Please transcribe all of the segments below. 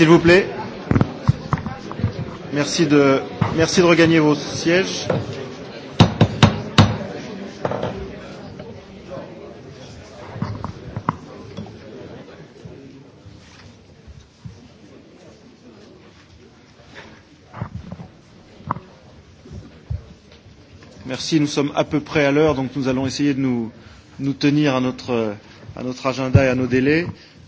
S'il vous plaît. Merci de, merci de regagner vos sièges. Merci, nous sommes à peu près à l'heure, donc nous allons essayer de nous, nous tenir à notre, à notre agenda et à nos délais.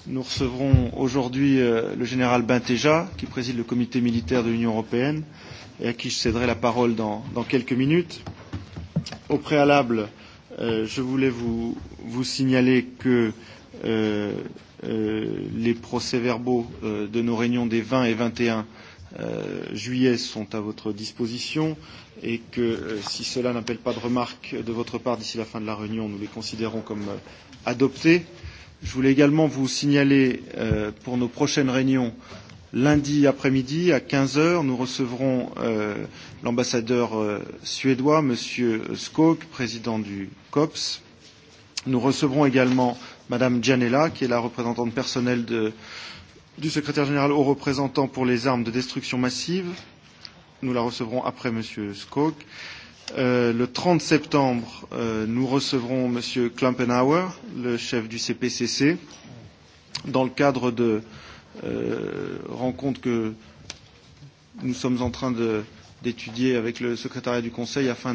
Nous recevrons aujourd'hui euh, le général Benteja, qui préside le comité militaire de l'Union européenne et à qui je céderai la parole dans, dans quelques minutes. Au préalable, euh, je voulais vous, vous signaler que euh, euh, les procès-verbaux euh, de nos réunions des 20 et 21 euh, juillet sont à votre disposition et que euh, si cela n'appelle pas de remarques de votre part d'ici la fin de la réunion, nous les considérons comme euh, adoptés. Euh, Je voulais également vous signaler euh, pour nos prochaines réunions lundi après-midi à 15 heures, nous recevrons euh, l'ambassadeur euh, suédois, M. Skog, président du COPS. Nous recevrons également Mme Gianella, qui est la représentante personnelle de, du secrétaire général au représentant pour les armes de destruction massive. Nous la recevrons après M. Skog. Euh, le 30 septembre, euh, nous recevrons M. Klampenauer, le chef du CPCC, dans le cadre de euh, rencontres que nous sommes en train d'étudier avec le secrétariat du Conseil afin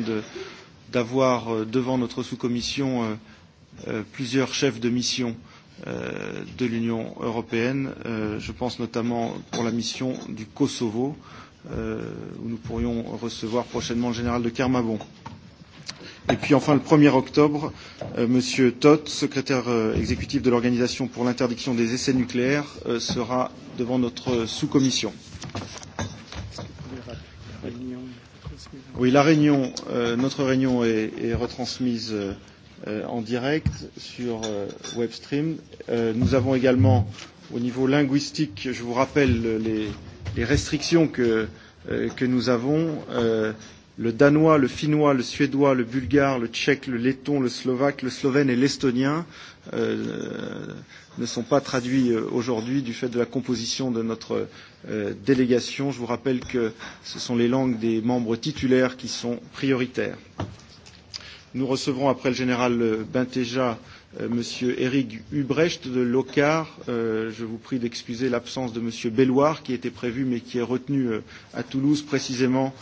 d'avoir de, euh, devant notre sous-commission euh, euh, plusieurs chefs de mission euh, de l'Union européenne. Euh, je pense notamment pour la mission du Kosovo euh, où nous pourrions recevoir prochainement le général de Kermabon. Et puis enfin, le 1er octobre, euh, Monsieur Todd, secrétaire euh, exécutif de l'Organisation pour l'interdiction des essais nucléaires, euh, sera devant notre sous-commission. Oui, la réunion, euh, notre réunion est, est retransmise euh, en direct sur euh, Webstream. Euh, nous avons également, au niveau linguistique, je vous rappelle les, les restrictions que, euh, que nous avons, euh, le danois, le finnois, le suédois, le bulgare, le tchèque, le letton, le slovaque, le slovène et l'estonien euh, ne sont pas traduits euh, aujourd'hui du fait de la composition de notre euh, délégation. Je vous rappelle que ce sont les langues des membres titulaires qui sont prioritaires. Nous recevrons après le général euh, Bintéja Euh, Monsieur Éric Hubrecht de Locard. Euh, je vous prie d'excuser l'absence de Monsieur Belloir qui était prévu mais qui est retenu euh, à Toulouse précisément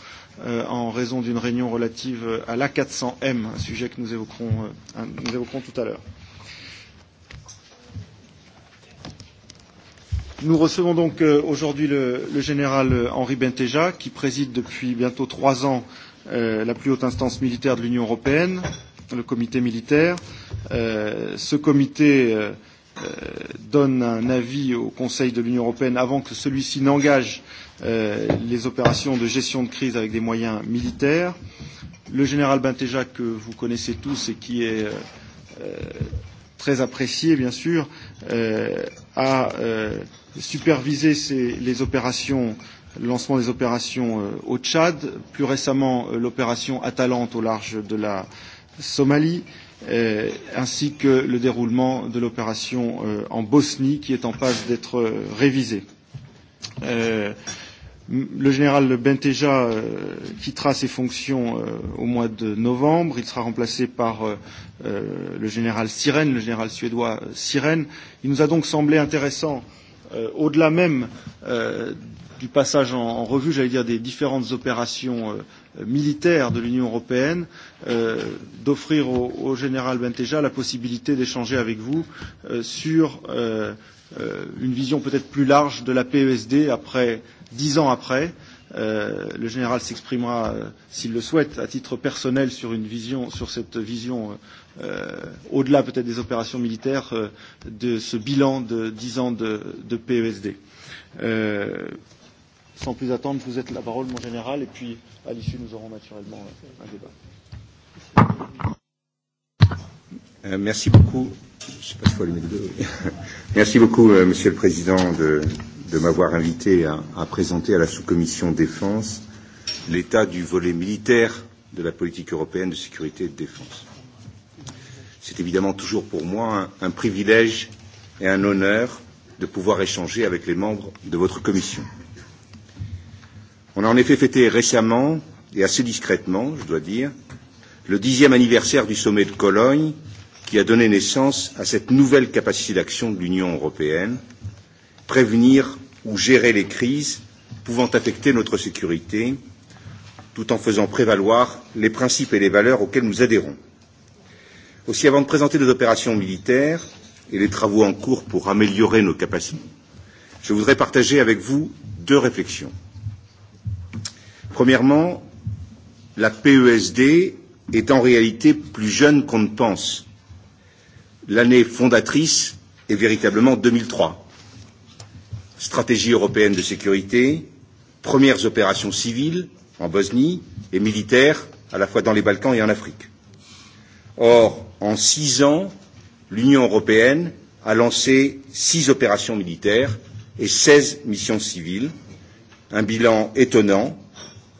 euh, en raison d'une réunion relative euh, à l'A400M, un sujet que nous évoquerons, euh, nous évoquerons tout à l'heure. Nous recevons donc euh, aujourd'hui le, le général euh, Henri Benteja qui préside depuis bientôt trois ans euh, la plus haute instance militaire de l'Union européenne, le comité militaire. Euh, ce comité euh, euh, donne un avis au Conseil de l'Union européenne avant que celui-ci n'engage euh, les opérations de gestion de crise avec des moyens militaires. Le général Benteja, que vous connaissez tous et qui est euh, euh très apprécié, bien sûr, euh, a euh, supervisé ces, les opérations le lancement des opérations euh, au Tchad, plus récemment euh, l'opération Atalante au large de la Somalie. Euh, euh, ainsi que le déroulement de l'opération euh, en Bosnie qui est en passe d'être euh, révisée. Euh, le général Benteja euh, quittera ses fonctions euh, au mois de novembre. Il sera remplacé par euh, euh le général Sirène, le général suédois euh, Sirène. Il nous a donc semblé intéressant, euh, au-delà même euh, du passage en, en revue, j'allais dire, des différentes opérations euh, militaire de l'Union européenne euh, d'offrir au, au général Benteja la possibilité d'échanger avec vous euh, sur euh, euh une vision peut-être plus large de la PESD après dix ans après. Euh, le général s'exprimera, euh, s'il le souhaite, à titre personnel sur une vision, sur cette vision euh, au-delà peut-être des opérations militaires euh, de ce bilan de dix ans de, de PESD. Euh, sans plus attendre, je vous êtes la parole, mon général, et puis à l'issue, nous aurons naturellement euh, un débat. Euh, merci beaucoup. Je sais pas si faut allumer les deux. merci beaucoup, euh, Monsieur le Président, de, de m'avoir invité à, à présenter à la sous-commission défense l'état du volet militaire de la politique européenne de sécurité et de défense. C'est évidemment toujours pour moi un, un privilège et un honneur de pouvoir échanger avec les membres de votre commission. On a en effet fêté récemment, et assez discrètement, je dois dire, le dixième anniversaire du sommet de Cologne, qui a donné naissance à cette nouvelle capacité d'action de l'Union européenne, prévenir ou gérer les crises pouvant affecter notre sécurité, tout en faisant prévaloir les principes et les valeurs auxquels nous adhérons. Aussi, avant de présenter nos opérations militaires et les travaux en cours pour améliorer nos capacités, je voudrais partager avec vous deux réflexions. Premièrement, la PESD est en réalité plus jeune qu'on ne pense. L'année fondatrice est véritablement 2003. Stratégie européenne de sécurité, premières opérations civiles en Bosnie et militaires à la fois dans les Balkans et en Afrique. Or, en six ans, l'Union européenne a lancé six opérations militaires et seize missions civiles, un bilan étonnant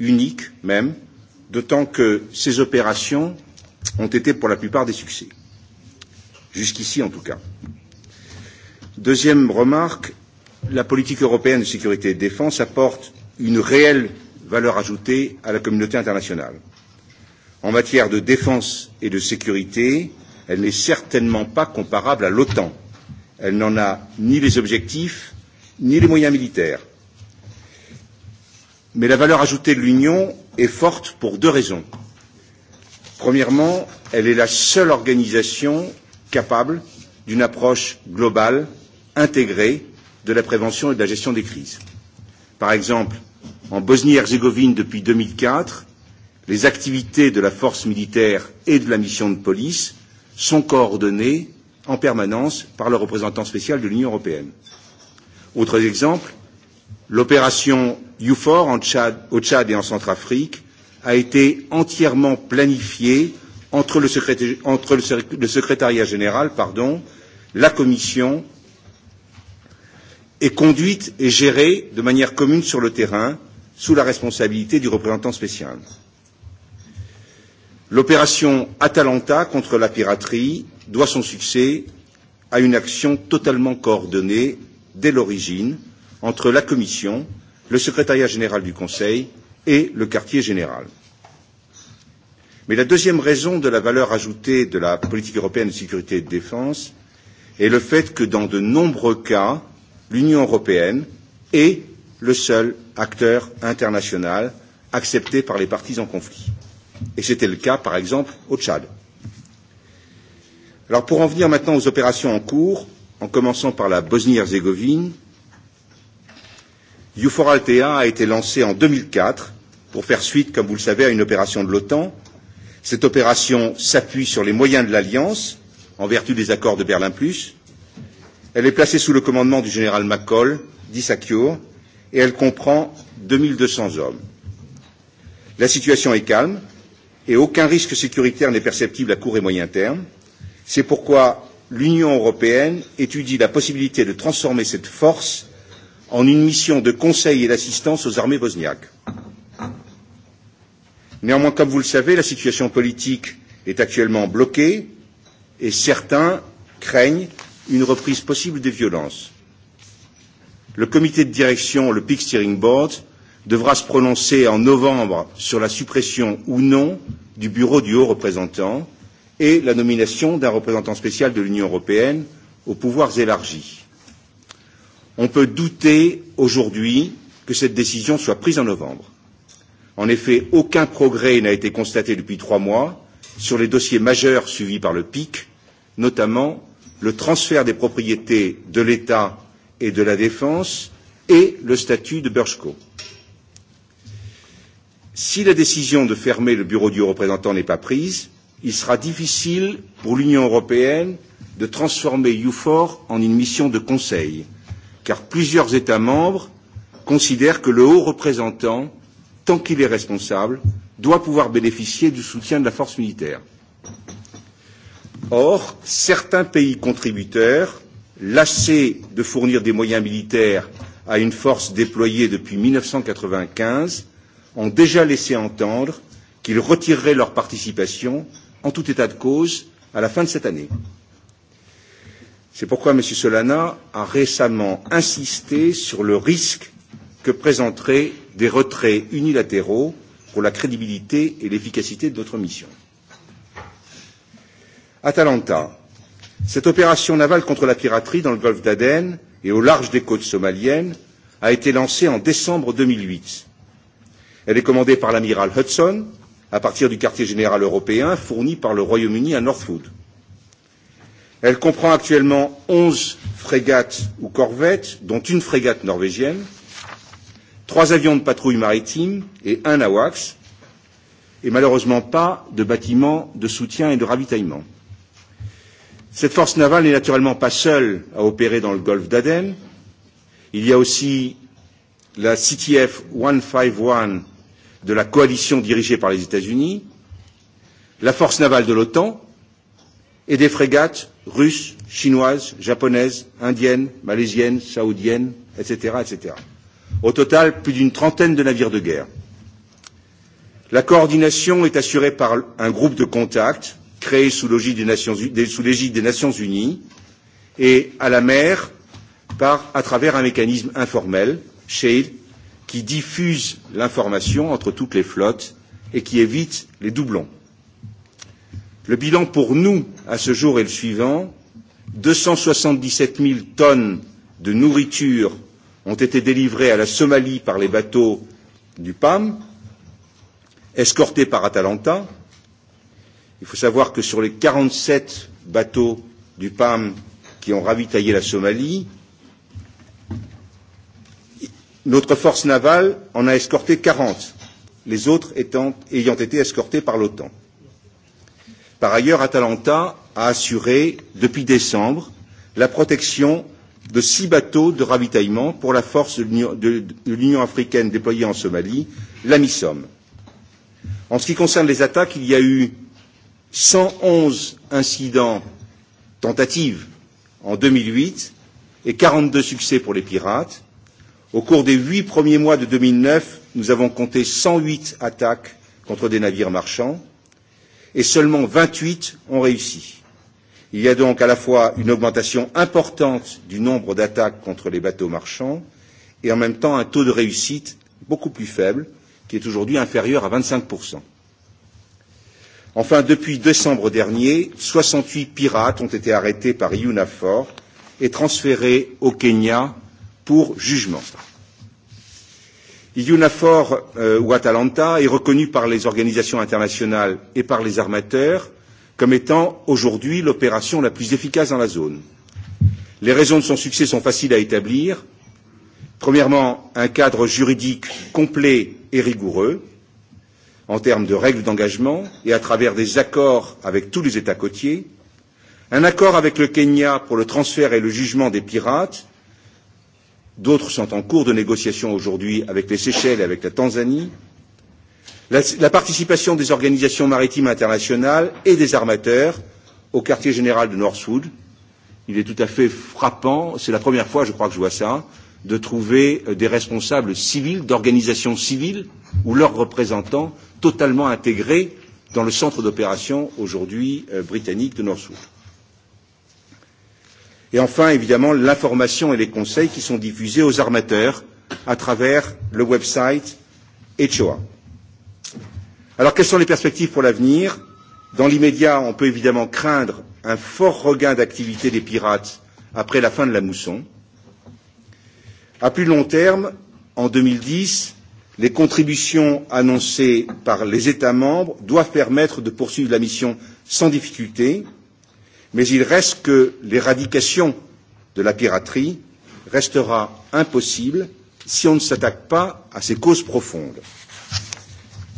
unique même, d'autant que ces opérations ont été pour la plupart des succès, jusqu'ici en tout cas. Deuxième remarque, la politique européenne de sécurité et de défense apporte une réelle valeur ajoutée à la communauté internationale. En matière de défense et de sécurité, elle n'est certainement pas comparable à l'OTAN. Elle n'en a ni les objectifs, ni les moyens militaires. Mais la valeur ajoutée de l'Union est forte pour deux raisons. Premièrement, elle est la seule organisation capable d'une approche globale, intégrée, de la prévention et de la gestion des crises. Par exemple, en Bosnie-Herzégovine depuis 2004, les activités de la force militaire et de la mission de police sont coordonnées en permanence par le représentant spécial de l'Union européenne. Autres exemples, l'opération Eufor en Tchad, au Tchad et en Centrafrique a été entièrement planifié entre le, secréta... entre le, sec... le secrétariat général, pardon, la Commission, est conduite et gérée de manière commune sur le terrain, sous la responsabilité du représentant spécial. L'opération Atalanta contre la piraterie doit son succès à une action totalement coordonnée dès l'origine entre la Commission, le secrétariat général du Conseil et le quartier général. Mais la deuxième raison de la valeur ajoutée de la politique européenne de sécurité et de défense est le fait que dans de nombreux cas, l'Union européenne est le seul acteur international accepté par les parties en conflit. Et c'était le cas, par exemple, au Tchad. Alors pour en venir maintenant aux opérations en cours, en commençant par la Bosnie-Herzégovine, Eufor Altea a été lancé en 2004 pour faire suite, comme vous le savez, à une opération de l'OTAN. Cette opération s'appuie sur les moyens de l'Alliance, en vertu des accords de Berlin Plus. Elle est placée sous le commandement du général McCall, d'Issaquiour, et elle comprend 2200 hommes. La situation est calme et aucun risque sécuritaire n'est perceptible à court et moyen terme. C'est pourquoi l'Union européenne étudie la possibilité de transformer cette force en une mission de conseil et d'assistance aux armées bosniaques. Néanmoins, comme vous le savez, la situation politique est actuellement bloquée et certains craignent une reprise possible des violences. Le comité de direction, le Peak Steering Board, devra se prononcer en novembre sur la suppression ou non du bureau du haut représentant et la nomination d'un représentant spécial de l'Union européenne aux pouvoirs élargis on peut douter aujourd'hui que cette décision soit prise en novembre. En effet, aucun progrès n'a été constaté depuis trois mois sur les dossiers majeurs suivis par le PIC, notamment le transfert des propriétés de l'État et de la Défense et le statut de Burschko. Si la décision de fermer le bureau du haut représentant n'est pas prise, il sera difficile pour l'Union européenne de transformer EUFOR en une mission de conseil car plusieurs États membres considèrent que le haut représentant, tant qu'il est responsable, doit pouvoir bénéficier du soutien de la force militaire. Or, certains pays contributeurs, lassés de fournir des moyens militaires à une force déployée depuis 1995, ont déjà laissé entendre qu'ils retireraient leur participation, en tout état de cause, à la fin de cette année. C'est pourquoi M. Solana a récemment insisté sur le risque que présenteraient des retraits unilatéraux pour la crédibilité et l'efficacité de notre mission. Atalanta. Cette opération navale contre la piraterie dans le golfe d'Aden et au large des côtes somaliennes a été lancée en décembre 2008. Elle est commandée par l'amiral Hudson à partir du quartier général européen fourni par le Royaume-Uni à Northwood. Elle comprend actuellement 11 frégates ou corvettes, dont une frégate norvégienne, trois avions de patrouille maritime et un AWACS, et malheureusement pas de bâtiments de soutien et de ravitaillement. Cette force navale n'est naturellement pas seule à opérer dans le golfe d'Aden. Il y a aussi la CTF 151 de la coalition dirigée par les États-Unis, la force navale de l'OTAN et des frégates russes, chinoises, japonaises, indiennes, malaisiennes, saoudiennes, etc., etc. Au total, plus d'une trentaine de navires de guerre. La coordination est assurée par un groupe de contact créé sous l'égide des, des Nations Unies et à la mer par, à travers un mécanisme informel, SHADE, qui diffuse l'information entre toutes les flottes et qui évite les doublons. Le bilan pour nous, à ce jour, est le suivant. 277 000 tonnes de nourriture ont été délivrées à la Somalie par les bateaux du PAM, escortés par Atalanta. Il faut savoir que sur les 47 bateaux du PAM qui ont ravitaillé la Somalie, notre force navale en a escorté 40, les autres étant, ayant été escortés par l'OTAN. Par ailleurs, Atalanta a assuré, depuis décembre, la protection de six bateaux de ravitaillement pour la force de l'Union africaine déployée en Somalie, la MISOM. En ce qui concerne les attaques, il y a eu 111 incidents tentatives en 2008 et 42 succès pour les pirates. Au cours des huit premiers mois de 2009, nous avons compté 108 attaques contre des navires marchands et seulement 28 ont réussi. Il y a donc à la fois une augmentation importante du nombre d'attaques contre les bateaux marchands et en même temps un taux de réussite beaucoup plus faible, qui est aujourd'hui inférieur à 25%. Enfin, depuis décembre dernier, 68 pirates ont été arrêtés par UNAFOR et transférés au Kenya pour jugement. EUNAFOR euh, ou Atalanta est reconnu par les organisations internationales et par les armateurs comme étant aujourd'hui l'opération la plus efficace dans la zone. Les raisons de son succès sont faciles à établir. Premièrement, un cadre juridique complet et rigoureux en termes de règles d'engagement et à travers des accords avec tous les États côtiers, un accord avec le Kenya pour le transfert et le jugement des pirates D'autres sont en cours de négociation aujourd'hui avec les Seychelles et avec la Tanzanie. La, la participation des organisations maritimes internationales et des armateurs au quartier général de Northwood. Il est tout à fait frappant, c'est la première fois, je crois, que je vois ça, de trouver euh, des responsables civils, d'organisations civiles ou leurs représentants totalement intégrés dans le centre d'opération aujourd'hui euh, britannique de Northwood. Et enfin, évidemment, l'information et les conseils qui sont diffusés aux armateurs à travers le website ECHOA. Alors, quelles sont les perspectives pour l'avenir Dans l'immédiat, on peut évidemment craindre un fort regain d'activité des pirates après la fin de la mousson. À plus long terme, en 2010, les contributions annoncées par les États membres doivent permettre de poursuivre la mission sans difficulté, mais il reste que l'éradication de la piraterie restera impossible si on ne s'attaque pas à ses causes profondes.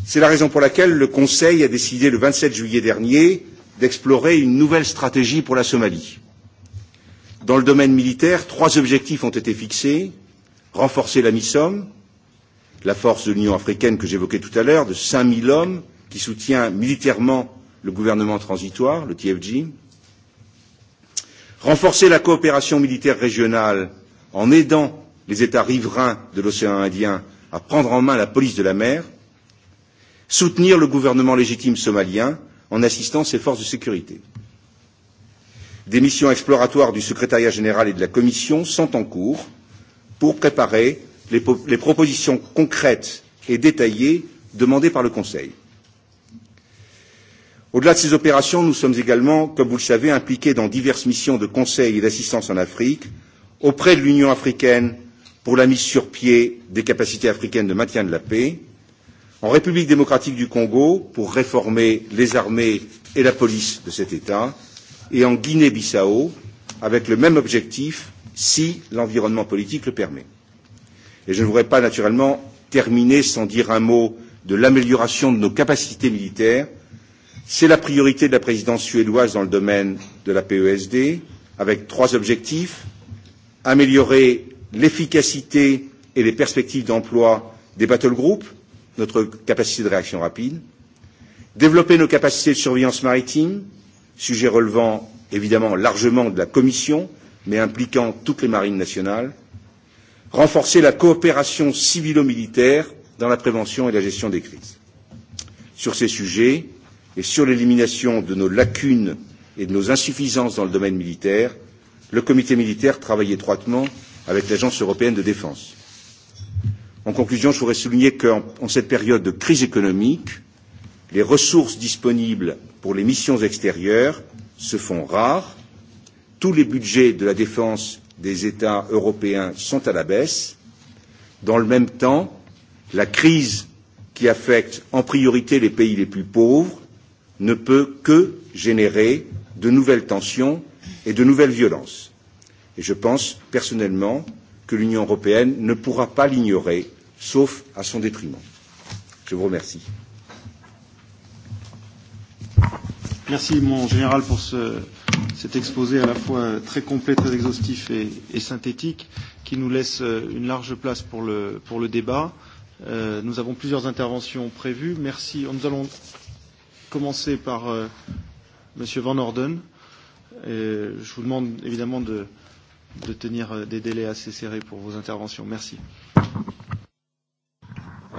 C'est la raison pour laquelle le Conseil a décidé le 27 juillet dernier d'explorer une nouvelle stratégie pour la Somalie. Dans le domaine militaire, trois objectifs ont été fixés renforcer la MISOM, la force de l'Union africaine que j'évoquais tout à l'heure, de 5000 hommes qui soutient militairement le gouvernement transitoire, le TFG, renforcer la coopération militaire régionale en aidant les États riverains de l'océan Indien à prendre en main la police de la mer, soutenir le gouvernement légitime somalien en assistant ses forces de sécurité. Des missions exploratoires du secrétariat général et de la Commission sont en cours pour préparer les, les propositions concrètes et détaillées demandées par le Conseil. Au-delà de ces opérations, nous sommes également, comme vous le savez, impliqués dans diverses missions de conseil et d'assistance en Afrique, auprès de l'Union africaine pour la mise sur pied des capacités africaines de maintien de la paix, en République démocratique du Congo pour réformer les armées et la police de cet État, et en Guinée-Bissau avec le même objectif si l'environnement politique le permet. Et je ne voudrais pas naturellement terminer sans dire un mot de l'amélioration de nos capacités militaires C'est la priorité de la présidence suédoise dans le domaine de la PESD, avec trois objectifs améliorer l'efficacité et les perspectives d'emploi des battle groups, notre capacité de réaction rapide, développer nos capacités de surveillance maritime, sujet relevant évidemment largement de la Commission, mais impliquant toutes les marines nationales, renforcer la coopération civilo-militaire dans la prévention et la gestion des crises. Sur ces sujets, et sur l'élimination de nos lacunes et de nos insuffisances dans le domaine militaire, le comité militaire travaille étroitement avec l'Agence européenne de défense. En conclusion, je voudrais souligner qu'en en cette période de crise économique, les ressources disponibles pour les missions extérieures se font rares, tous les budgets de la défense des États européens sont à la baisse. Dans le même temps, la crise qui affecte en priorité les pays les plus pauvres ne peut que générer de nouvelles tensions et de nouvelles violences. Et je pense personnellement que l'Union européenne ne pourra pas l'ignorer, sauf à son détriment. Je vous remercie. Merci, mon général, pour ce, cet exposé à la fois très complet, très exhaustif et, et synthétique, qui nous laisse euh, une large place pour le, pour le débat. Euh, nous avons plusieurs interventions prévues. Merci. Nous allons commencer par euh, M. Van Orden. Et je vous demande évidemment de, de tenir euh, des délais assez serrés pour vos interventions. Merci.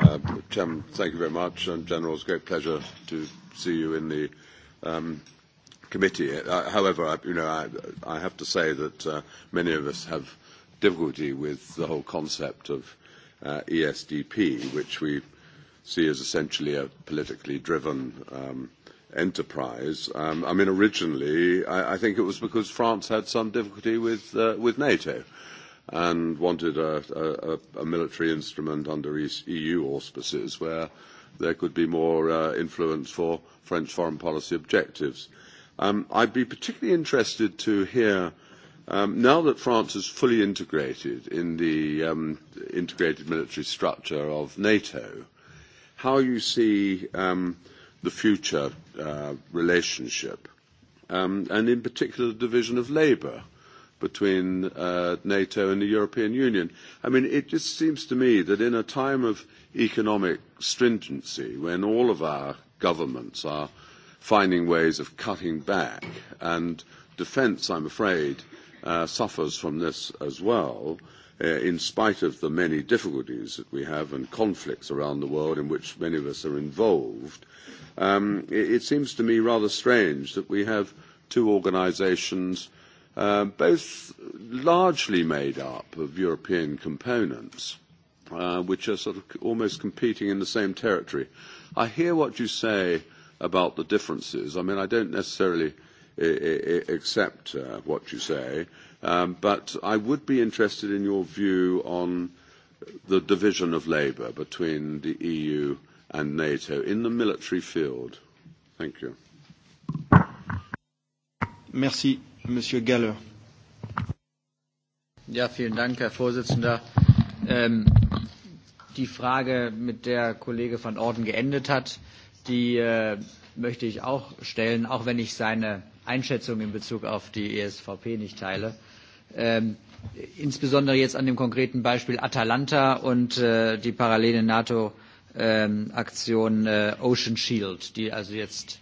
Uh, Chairman, thank you very much. And um, General, it's a great pleasure to see you in the um, committee. Uh, however, I, you know, I, I have to say that uh, many of us have difficulty with the whole concept of uh, ESDP, which we've see as essentially a politically driven um, enterprise. Um, I mean, originally, I, I think it was because France had some difficulty with, uh, with NATO and wanted a, a, a military instrument under EU auspices where there could be more uh, influence for French foreign policy objectives. Um, I'd be particularly interested to hear, um, now that France is fully integrated in the um, integrated military structure of NATO, how you see um, the future uh, relationship, um, and in particular the division of labour between uh, NATO and the European Union. I mean, it just seems to me that in a time of economic stringency, when all of our governments are finding ways of cutting back, and defence, I'm afraid, uh, suffers from this as well, uh, uh, in spite of the many difficulties that we have and conflicts around the world in which many of us are involved, um, it, it seems to me rather strange that we have two organisations uh, both largely made up of European components, uh, which are sort of almost competing in the same territory. I hear what you say about the differences. I mean, I don't necessarily accept uh, what you say, Um, but I would be interested in your view on the division of labour between the EU and NATO in the military field. Thank you. Merci, Monsieur Galler. Ja, vielen Dank, Herr Vorsitzender. Ähm, die Frage, mit der Kollege van Orden geendet hat, die äh, möchte ich auch stellen, auch wenn ich seine Einschätzung in Bezug auf die ESVP nicht teile ähm, insbesondere jetzt an dem konkreten Beispiel Atalanta und äh, die parallele NATO-Aktion äh, Ocean Shield, die also jetzt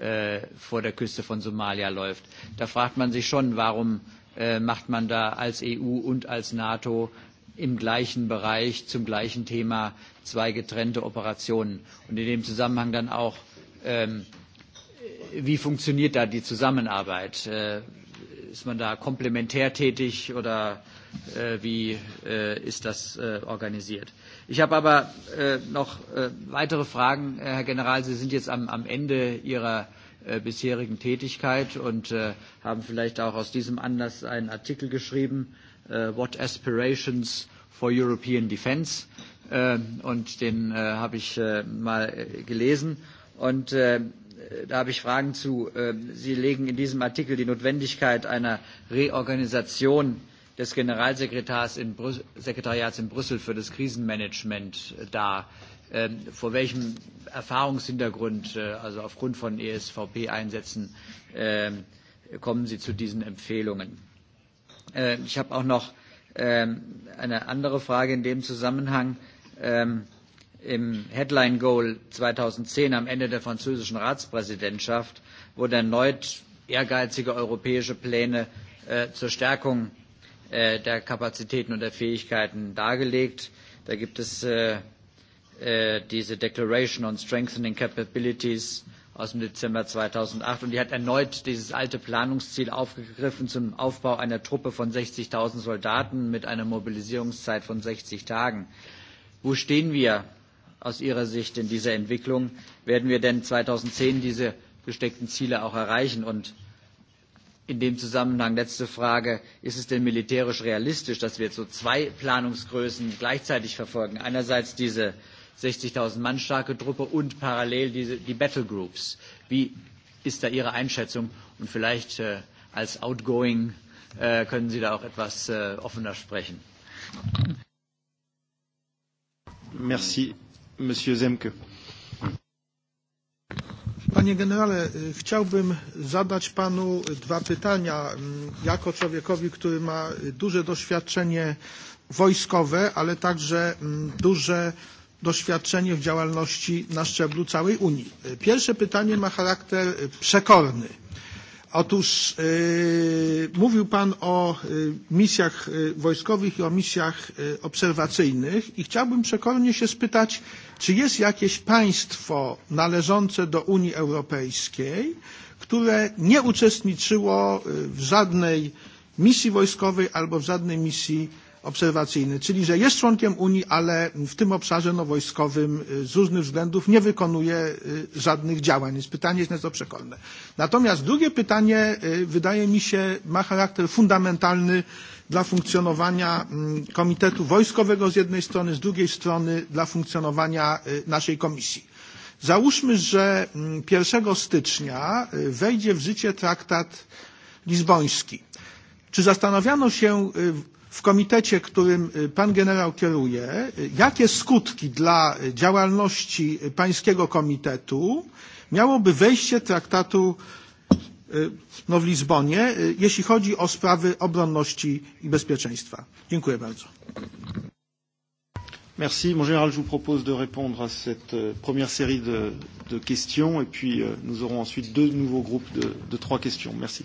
äh, vor der Küste von Somalia läuft. Da fragt man sich schon, warum äh, macht man da als EU und als NATO im gleichen Bereich zum gleichen Thema zwei getrennte Operationen und in dem Zusammenhang dann auch ähm, wie funktioniert da die Zusammenarbeit? Äh, ist man da komplementär tätig oder äh, wie äh, ist das äh, organisiert? Ich habe aber äh, noch äh, weitere Fragen, äh, Herr General. Sie sind jetzt am, am Ende Ihrer äh, bisherigen Tätigkeit und äh, haben vielleicht auch aus diesem Anlass einen Artikel geschrieben, äh, What Aspirations for European Defense? Äh, und den äh, habe ich äh, mal äh, gelesen. Und äh, da habe ich Fragen zu. Ähm, Sie legen in diesem Artikel die Notwendigkeit einer Reorganisation des Generalsekretariats in, Brüssel, Sekretariats in Brüssel für das Krisenmanagement äh, dar. Ähm, vor welchem Erfahrungshintergrund, äh, also aufgrund von ESVP-Einsätzen, ähm, kommen Sie zu diesen Empfehlungen? Ich habe auch noch eine andere Frage in dem Zusammenhang. Ähm, im Headline Goal 2010 am Ende der französischen Ratspräsidentschaft wurden erneut ehrgeizige europäische Pläne äh, zur Stärkung äh, der Kapazitäten und der Fähigkeiten dargelegt. Da gibt es äh, äh, diese Declaration on Strengthening Capabilities aus dem Dezember 2008 und die hat erneut dieses alte Planungsziel aufgegriffen zum Aufbau einer Truppe von 60.000 Soldaten mit einer Mobilisierungszeit von 60 Tagen. Wo stehen wir aus Ihrer Sicht in dieser Entwicklung? Werden wir denn 2010 diese gesteckten Ziele auch erreichen? Und in dem Zusammenhang letzte Frage, ist es denn militärisch realistisch, dass wir so zwei Planungsgrößen gleichzeitig verfolgen? Einerseits diese 60.000 Mann starke Truppe und parallel diese, die Battlegroups. Wie ist da Ihre Einschätzung? Und vielleicht äh, als Outgoing äh, können Sie da auch etwas äh, offener sprechen. Merci. Monsieur Zemke. Panie generale, chciałbym zadać panu dwa pytania mm, jako człowiekowi, który ma duże doświadczenie wojskowe, ale także mm, duże doświadczenie w działalności na szczeblu całej Unii. Pierwsze pytanie ma charakter przekorny. Otóż yy, mówił Pan o y, misjach y, wojskowych i o misjach y, obserwacyjnych i chciałbym przekornie się spytać, czy jest jakieś państwo należące do Unii Europejskiej, które nie uczestniczyło w żadnej misji wojskowej albo w żadnej misji obserwacyjny, czyli że jest członkiem Unii, ale w tym obszarze no, wojskowym z różnych względów nie wykonuje żadnych działań. Więc pytanie jest nieco przekolne. Natomiast drugie pytanie wydaje mi się ma charakter fundamentalny dla funkcjonowania mm, Komitetu Wojskowego z jednej strony, z drugiej strony dla funkcjonowania naszej komisji. Załóżmy, że 1 mm, stycznia wejdzie w życie traktat lizboński. Czy zastanawiano się w komitecie, którym pan generał kieruje, jakie skutki dla działalności pańskiego komitetu miałoby wejście traktatu no, w Lizbonie, jeśli chodzi o sprawy obronności i bezpieczeństwa. Dziękuję bardzo. Merci. Mon général, je vous propose de répondre à cette euh, première série de, de questions et puis euh, nous aurons ensuite deux nouveaux groupes de, de trois questions. Merci.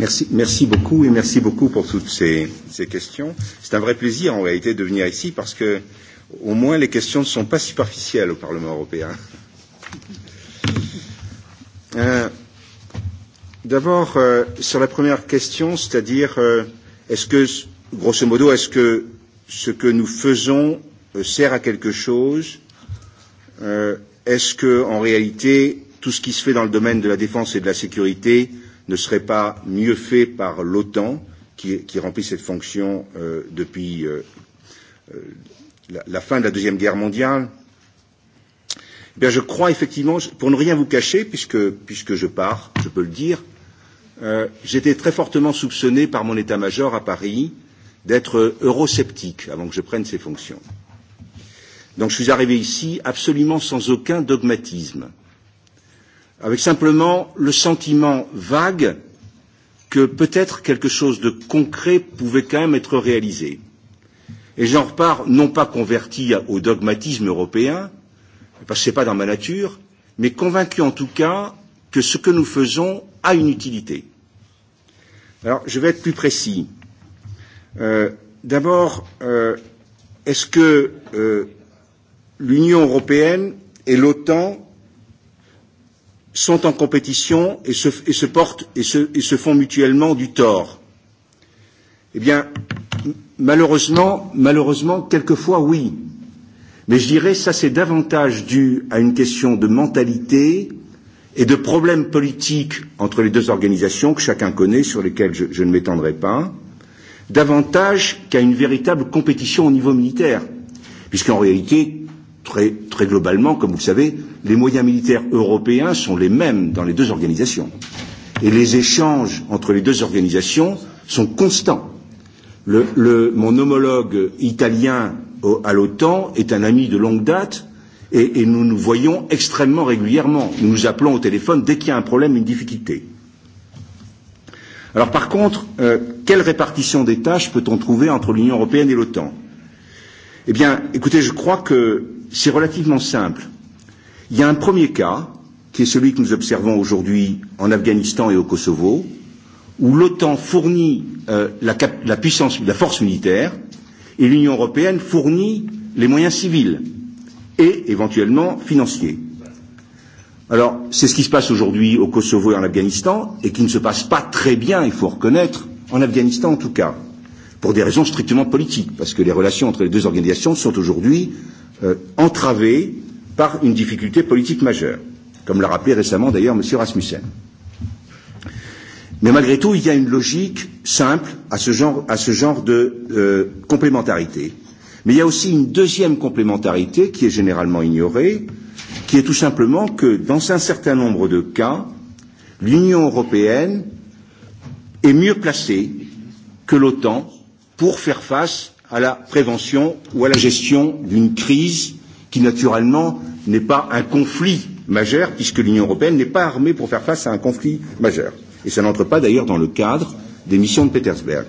Merci, merci beaucoup et merci beaucoup pour toutes ces, ces questions. C'est un vrai plaisir en réalité de venir ici parce que au moins les questions ne sont pas superficielles au Parlement européen. Euh, D'abord, euh, sur la première question, c'est-à-dire, euh, est-ce euh, que, grosso modo, est-ce que ce que nous faisons euh, sert à quelque chose euh, Est-ce que, en réalité, tout ce qui se fait dans le domaine de la défense et de la sécurité euh, ne serait pas mieux fait par l'OTAN, qui, qui remplit cette fonction euh, depuis euh, euh la, la fin de la Deuxième Guerre mondiale eh bien, Je crois effectivement, pour ne rien vous cacher, puisque, puisque je pars, je peux le dire, euh, j'étais très fortement soupçonné par mon état-major à Paris d'être eurosceptique avant que je prenne ces fonctions. Donc je suis arrivé ici absolument sans aucun dogmatisme avec simplement le sentiment vague que peut-être quelque chose de concret pouvait quand même être réalisé. Et j'en repars non pas converti au dogmatisme européen, parce que ce n'est pas dans ma nature, mais convaincu en tout cas que ce que nous faisons a une utilité. Alors, je vais être plus précis. Euh, D'abord, euh, est-ce euh, que euh, l'Union européenne et l'OTAN sont en compétition et se, et se portent et se, et se font mutuellement du tort. Eh bien, malheureusement, malheureusement, quelquefois oui. Mais je dirais ça c'est davantage dû à une question de mentalité et de problèmes politiques entre les deux organisations que chacun connaît, sur lesquels je, je ne m'étendrai pas, davantage qu'à une véritable compétition au niveau militaire. Puisqu'en réalité, très, très globalement, comme vous le savez, les moyens militaires européens sont les mêmes dans les deux organisations. Et les échanges entre les deux organisations sont constants. Le, le, mon homologue italien au, à l'OTAN est un ami de longue date et, et nous nous voyons extrêmement régulièrement. Nous nous appelons au téléphone dès qu'il y a un problème, une difficulté. Alors par contre, euh, quelle répartition des tâches peut-on trouver entre l'Union européenne et l'OTAN Eh bien, écoutez, je crois que c'est relativement simple. Il y a un premier cas, qui est celui que nous observons aujourd'hui en Afghanistan et au Kosovo, où l'OTAN fournit euh, la, la puissance, la force militaire, et l'Union européenne fournit les moyens civils et éventuellement financiers. Alors, c'est ce qui se passe aujourd'hui au Kosovo et en Afghanistan, et qui ne se passe pas très bien, il faut reconnaître, en Afghanistan en tout cas, pour des raisons strictement politiques, parce que les relations entre les deux organisations sont aujourd'hui euh, entravées par une difficulté politique majeure, comme l'a rappelé récemment d'ailleurs M. Rasmussen. Mais malgré tout, il y a une logique simple à ce genre, à ce genre de euh, complémentarité. Mais il y a aussi une deuxième complémentarité qui est généralement ignorée, qui est tout simplement que dans un certain nombre de cas, l'Union européenne est mieux placée que l'OTAN pour faire face à la prévention ou à la gestion d'une crise qui naturellement n'est pas un conflit majeur, puisque l'Union européenne n'est pas armée pour faire face à un conflit majeur. Et ça n'entre pas d'ailleurs dans le cadre des missions de Petersberg.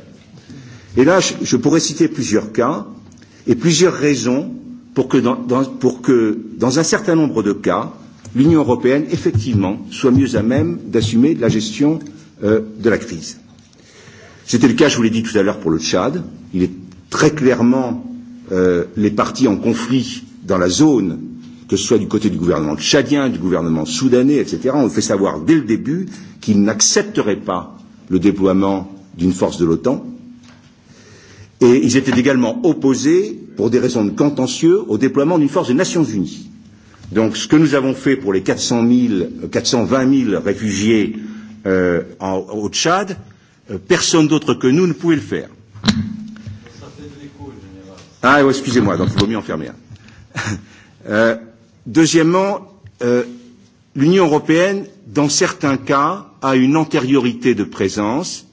Et là, je, je pourrais citer plusieurs cas et plusieurs raisons pour que dans, dans, pour que, dans un certain nombre de cas, l'Union européenne, effectivement, soit mieux à même d'assumer la gestion euh, de la crise. C'était le cas, je vous l'ai dit tout à l'heure, pour le Tchad. Il est très clairement euh, les parties en conflit dans la zone, que ce soit du côté du gouvernement tchadien, du gouvernement soudanais, etc., ont fait savoir dès le début qu'ils n'accepteraient pas le déploiement d'une force de l'OTAN. Et ils étaient également opposés, pour des raisons de contentieux, au déploiement d'une force des Nations Unies. Donc ce que nous avons fait pour les 400 000, 420 000 réfugiés euh, en, au Tchad, euh, personne d'autre que nous ne pouvait le faire. Ça fait de l'écho, général. Ah, ouais, excusez-moi, donc il vaut mieux en faire un. Euh, deuxièmement, euh, l'Union européenne, dans certains cas, a une antériorité de présence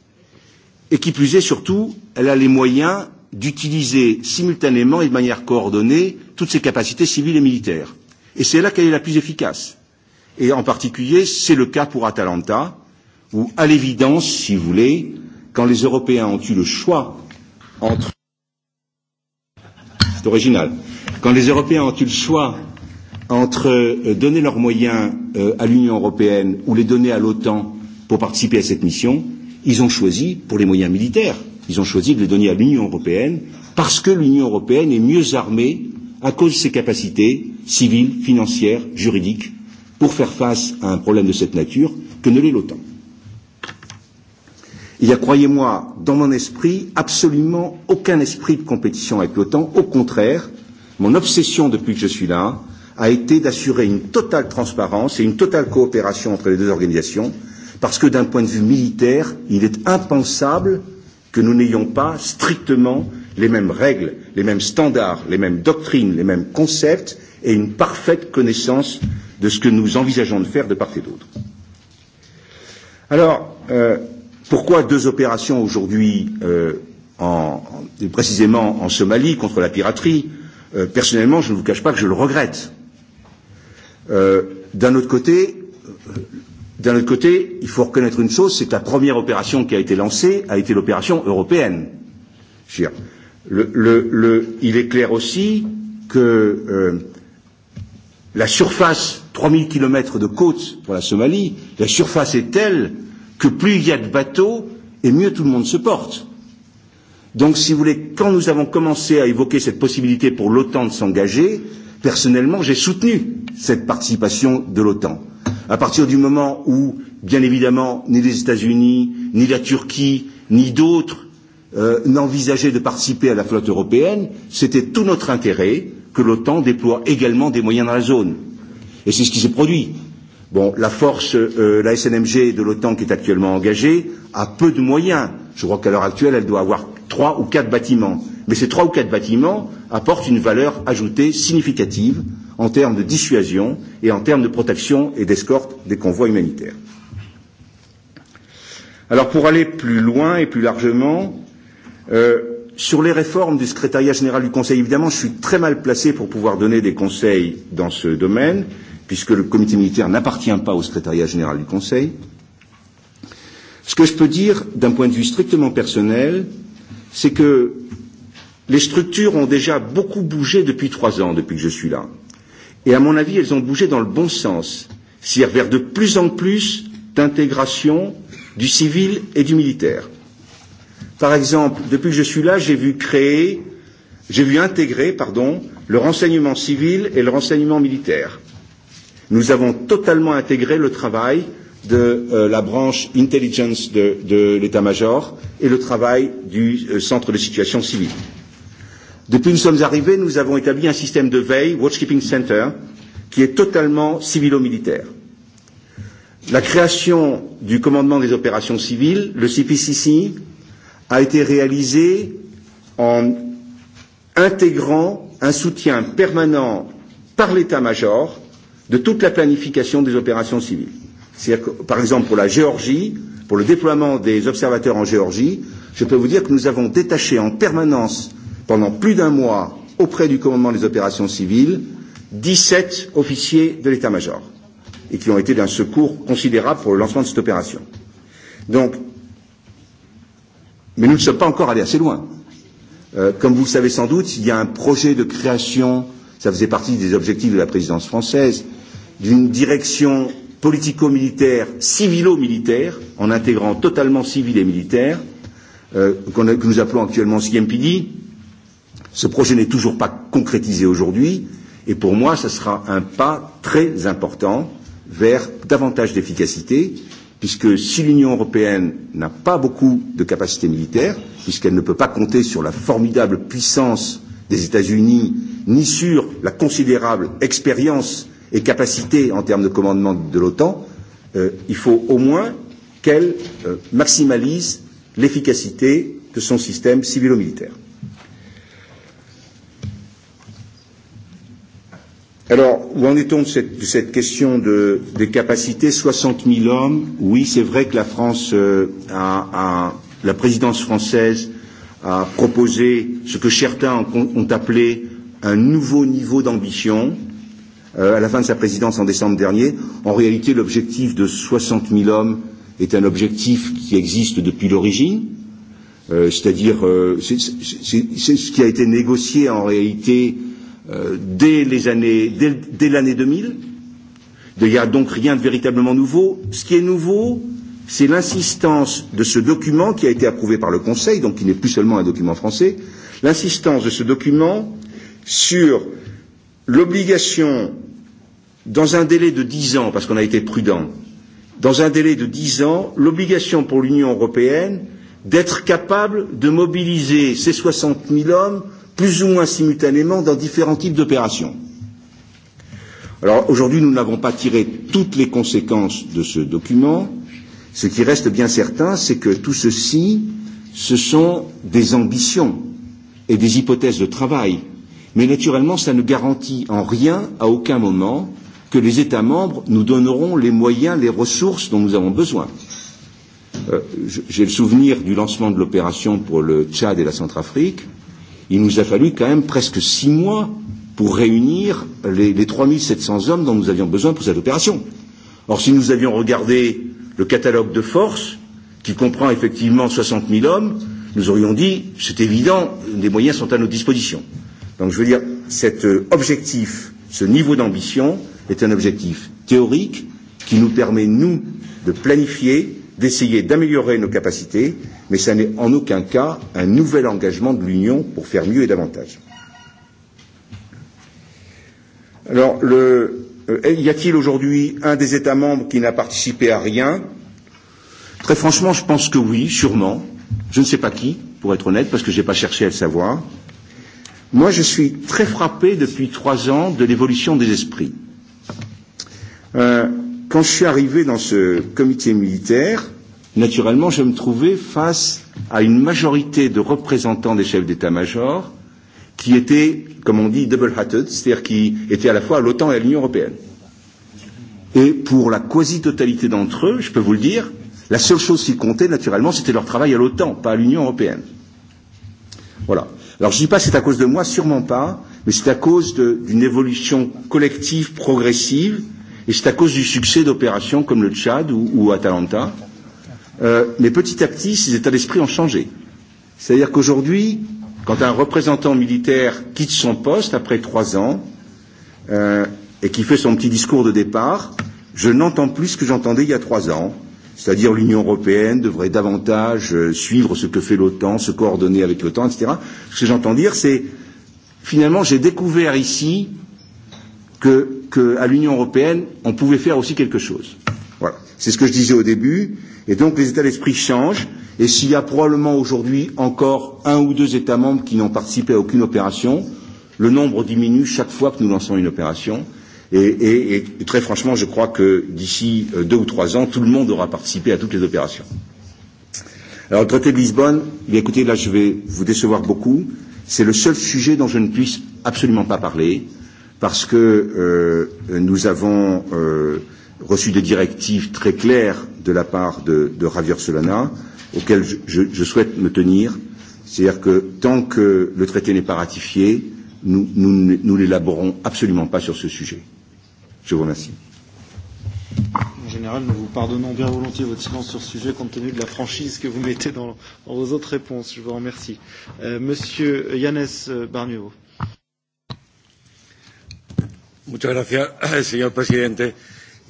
et qui plus est surtout, elle a les moyens d'utiliser simultanément et de manière coordonnée toutes ses capacités civiles et militaires. Et c'est là qu'elle est la plus efficace. Et en particulier, c'est le cas pour Atalanta, où, à l'évidence, si vous voulez, quand les Européens ont eu le choix entre... C'est original. Quand les Européens ont eu le choix entre euh, donner leurs moyens euh, à l'Union européenne ou les donner à l'OTAN pour participer à cette mission, ils ont choisi pour les moyens militaires. Ils ont choisi de les donner à l'Union européenne parce que l'Union européenne est mieux armée à cause de ses capacités civiles, financières, juridiques pour faire face à un problème de cette nature que ne l'est l'OTAN. Il y a, croyez-moi, dans mon esprit, absolument aucun esprit de compétition avec l'OTAN. Au contraire, mon obsession depuis que je suis là a été d'assurer une totale transparence et une totale coopération entre les deux organisations, parce que d'un point de vue militaire, il est impensable que nous n'ayons pas strictement les mêmes règles, les mêmes standards, les mêmes doctrines, les mêmes concepts et une parfaite connaissance de ce que nous envisageons de faire de part et d'autre. Alors, euh, pourquoi deux opérations aujourd'hui, euh, en, précisément en Somalie contre la piraterie euh, Euh, personnellement, je ne vous cache pas que je le regrette. Euh, d'un autre côté, euh, d'un autre côté, il faut reconnaître une chose, c'est que la première opération qui a été lancée a été l'opération européenne. le, le, le, il est clair aussi que euh, la surface, 3000 km de côte pour la Somalie, la surface est telle que plus il y a de bateaux, et mieux tout le monde se porte. Donc, si vous voulez, quand nous avons commencé à évoquer cette possibilité pour l'OTAN de s'engager, personnellement, j'ai soutenu cette participation de l'OTAN. À partir du moment où, bien évidemment, ni les États-Unis, ni la Turquie, ni d'autres euh, n'envisageaient de participer à la flotte européenne, c'était tout notre intérêt que l'OTAN déploie également des moyens dans la zone. Et c'est ce qui s'est produit. Bon, la force, euh, la SNMG de l'OTAN qui est actuellement engagée, a peu de moyens. Je crois qu'à l'heure actuelle, elle doit avoir trois ou quatre bâtiments. Mais ces trois ou quatre bâtiments apportent une valeur ajoutée significative en termes de dissuasion et en termes de protection et d'escorte des convois humanitaires. Alors pour aller plus loin et plus largement, euh, sur les réformes du secrétariat général du Conseil, évidemment, je suis très mal placé pour pouvoir donner des conseils dans ce domaine, puisque le comité militaire n'appartient pas au secrétariat général du Conseil. Ce que je peux dire d'un point de vue strictement personnel, c'est que les structures ont déjà beaucoup bougé depuis trois ans, depuis que je suis là. Et à mon avis, elles ont bougé dans le bon sens, c'est-à-dire vers de plus en plus d'intégration du civil et du militaire. Par exemple, depuis que je suis là, j'ai vu créer, j'ai vu intégrer, pardon, le renseignement civil et le renseignement militaire. Nous avons totalement intégré le travail de euh, la branche intelligence de, de l'état-major et le travail du euh, centre de situation civile. Depuis que nous sommes arrivés, nous avons établi un système de veille, Watchkeeping Center, qui est totalement civilo-militaire. La création du commandement des opérations civiles, le CPCC, a été réalisée en intégrant un soutien permanent par l'état-major de toute la planification des opérations civiles. C'est-à-dire Que, par exemple, pour la Géorgie, pour le déploiement des observateurs en Géorgie, je peux vous dire que nous avons détaché en permanence, pendant plus d'un mois, auprès du commandement des opérations civiles, 17 officiers de l'état-major et qui ont été d'un secours considérable pour le lancement de cette opération. Donc, mais nous ne sommes pas encore allés assez loin. Euh, comme vous le savez sans doute, il y a un projet de création, ça faisait partie des objectifs de la présidence française, d'une direction politico-militaire, civilo-militaire, en intégrant totalement civils et militaires, euh, qu a, que nous appelons actuellement CMPD. Ce projet n'est toujours pas concrétisé aujourd'hui, et pour moi, ce sera un pas très important vers davantage d'efficacité, puisque si l'Union européenne n'a pas beaucoup de capacités militaires, puisqu'elle ne peut pas compter sur la formidable puissance des États-Unis, ni sur la considérable expérience et capacité en termes de commandement de l'OTAN, euh, il faut au moins qu'elle euh, maximalise l'efficacité de son système civilo-militaire. Alors, où en est-on de cette, de cette question de, des capacités 60 000 hommes, oui, c'est vrai que la France euh, a, a, la présidence française a proposé ce que certains ont, ont appelé un nouveau niveau d'ambition, euh, euh, à la fin de sa présidence en décembre dernier. En réalité, l'objectif de 60 000 hommes est un objectif qui existe depuis l'origine, euh, c'est-à-dire euh, c'est ce qui a été négocié en réalité euh, dès les années, dès, dès l'année 2000. Il n'y a donc rien de véritablement nouveau. Ce qui est nouveau, c'est l'insistance de ce document qui a été approuvé par le Conseil, donc qui n'est plus seulement un document français, l'insistance de ce document sur euh, l'obligation, dans un délai de dix ans, parce qu'on a été prudent, dans un délai de dix ans, l'obligation pour l'Union européenne d'être capable de mobiliser ces 60 000 hommes plus ou moins simultanément dans différents types d'opérations. Alors aujourd'hui, nous n'avons pas tiré toutes les conséquences de ce document. Ce qui reste bien certain, c'est que tout ceci, ce sont des ambitions et des hypothèses de travail Mais naturellement, ça ne garantit en rien, à aucun moment, que les États membres nous donneront les moyens, les ressources dont nous avons besoin. Euh, J'ai le souvenir du lancement de l'opération pour le Tchad et la Centrafrique. Il nous a fallu quand même presque six mois pour réunir les, les 3700 hommes dont nous avions besoin pour cette opération. Or, si nous avions regardé le catalogue de forces, qui comprend effectivement 60 000 hommes, nous aurions dit, c'est évident, les moyens sont à nos dispositions. Euh, Donc je veux dire, cet euh, objectif, ce niveau d'ambition est un objectif théorique qui nous permet, nous, de planifier, d'essayer d'améliorer nos capacités, mais ça n'est en aucun cas un nouvel engagement de l'Union pour faire mieux et davantage. Alors, le, euh, y a-t-il aujourd'hui un des États membres qui n'a participé à rien Très franchement, je pense que oui, sûrement. Je ne sais pas qui, pour être honnête, parce que je n'ai pas cherché à le savoir. Moi, je suis très frappé depuis trois ans de l'évolution des esprits. Euh, quand je suis arrivé dans ce comité militaire, naturellement, je me trouvais face à une majorité de représentants des chefs d'état-major qui étaient, comme on dit, double-hatted, c'est-à-dire qui étaient à la fois à l'OTAN et à l'Union européenne. Et pour la quasi-totalité d'entre eux, je peux vous le dire, la seule chose qui comptait, naturellement, c'était leur travail à l'OTAN, pas à l'Union européenne. Voilà. Alors je ne dis pas que c'est à cause de moi, sûrement pas, mais c'est à cause d'une évolution collective, progressive, et c'est à cause du succès d'opérations comme le Tchad ou, ou Atalanta. Euh, mais petit à petit, ces états d'esprit ont changé. C'est-à-dire qu'aujourd'hui, quand un représentant militaire quitte son poste après trois ans euh, et qui fait son petit discours de départ, je n'entends plus ce que j'entendais il y a trois ans c'est-à-dire l'Union européenne devrait davantage euh, suivre ce que fait l'OTAN, se coordonner avec l'OTAN, etc. Ce que j'entends dire, c'est finalement j'ai découvert ici que, que à l'Union européenne, on pouvait faire aussi quelque chose. Voilà. C'est ce que je disais au début. Et donc les états d'esprit changent. Et s'il y a probablement aujourd'hui encore un ou deux États membres qui n'ont participé à aucune opération, le nombre diminue chaque fois que nous lançons une opération. Et, et, et très franchement, je crois que d'ici euh, deux ou trois ans, tout le monde aura participé à toutes les opérations. Alors le traité de Lisbonne, bien écoutez, là je vais vous décevoir beaucoup. C'est le seul sujet dont je ne puisse absolument pas parler parce que euh, nous avons euh, reçu des directives très claires de la part de, de Javier Solana auxquelles je, je, je souhaite me tenir. C'est-à-dire que tant que le traité n'est pas ratifié, nous, nous, nous l'élaborons absolument pas sur ce sujet. Je vous remercie. En général, nous vous pardonnons bien volontiers votre silence sur ce sujet compte tenu de la franchise que vous mettez dans, dans vos autres réponses. Je vous remercie. Euh, Monsieur Yannès euh, Barnuevo. Muchas gracias, señor presidente,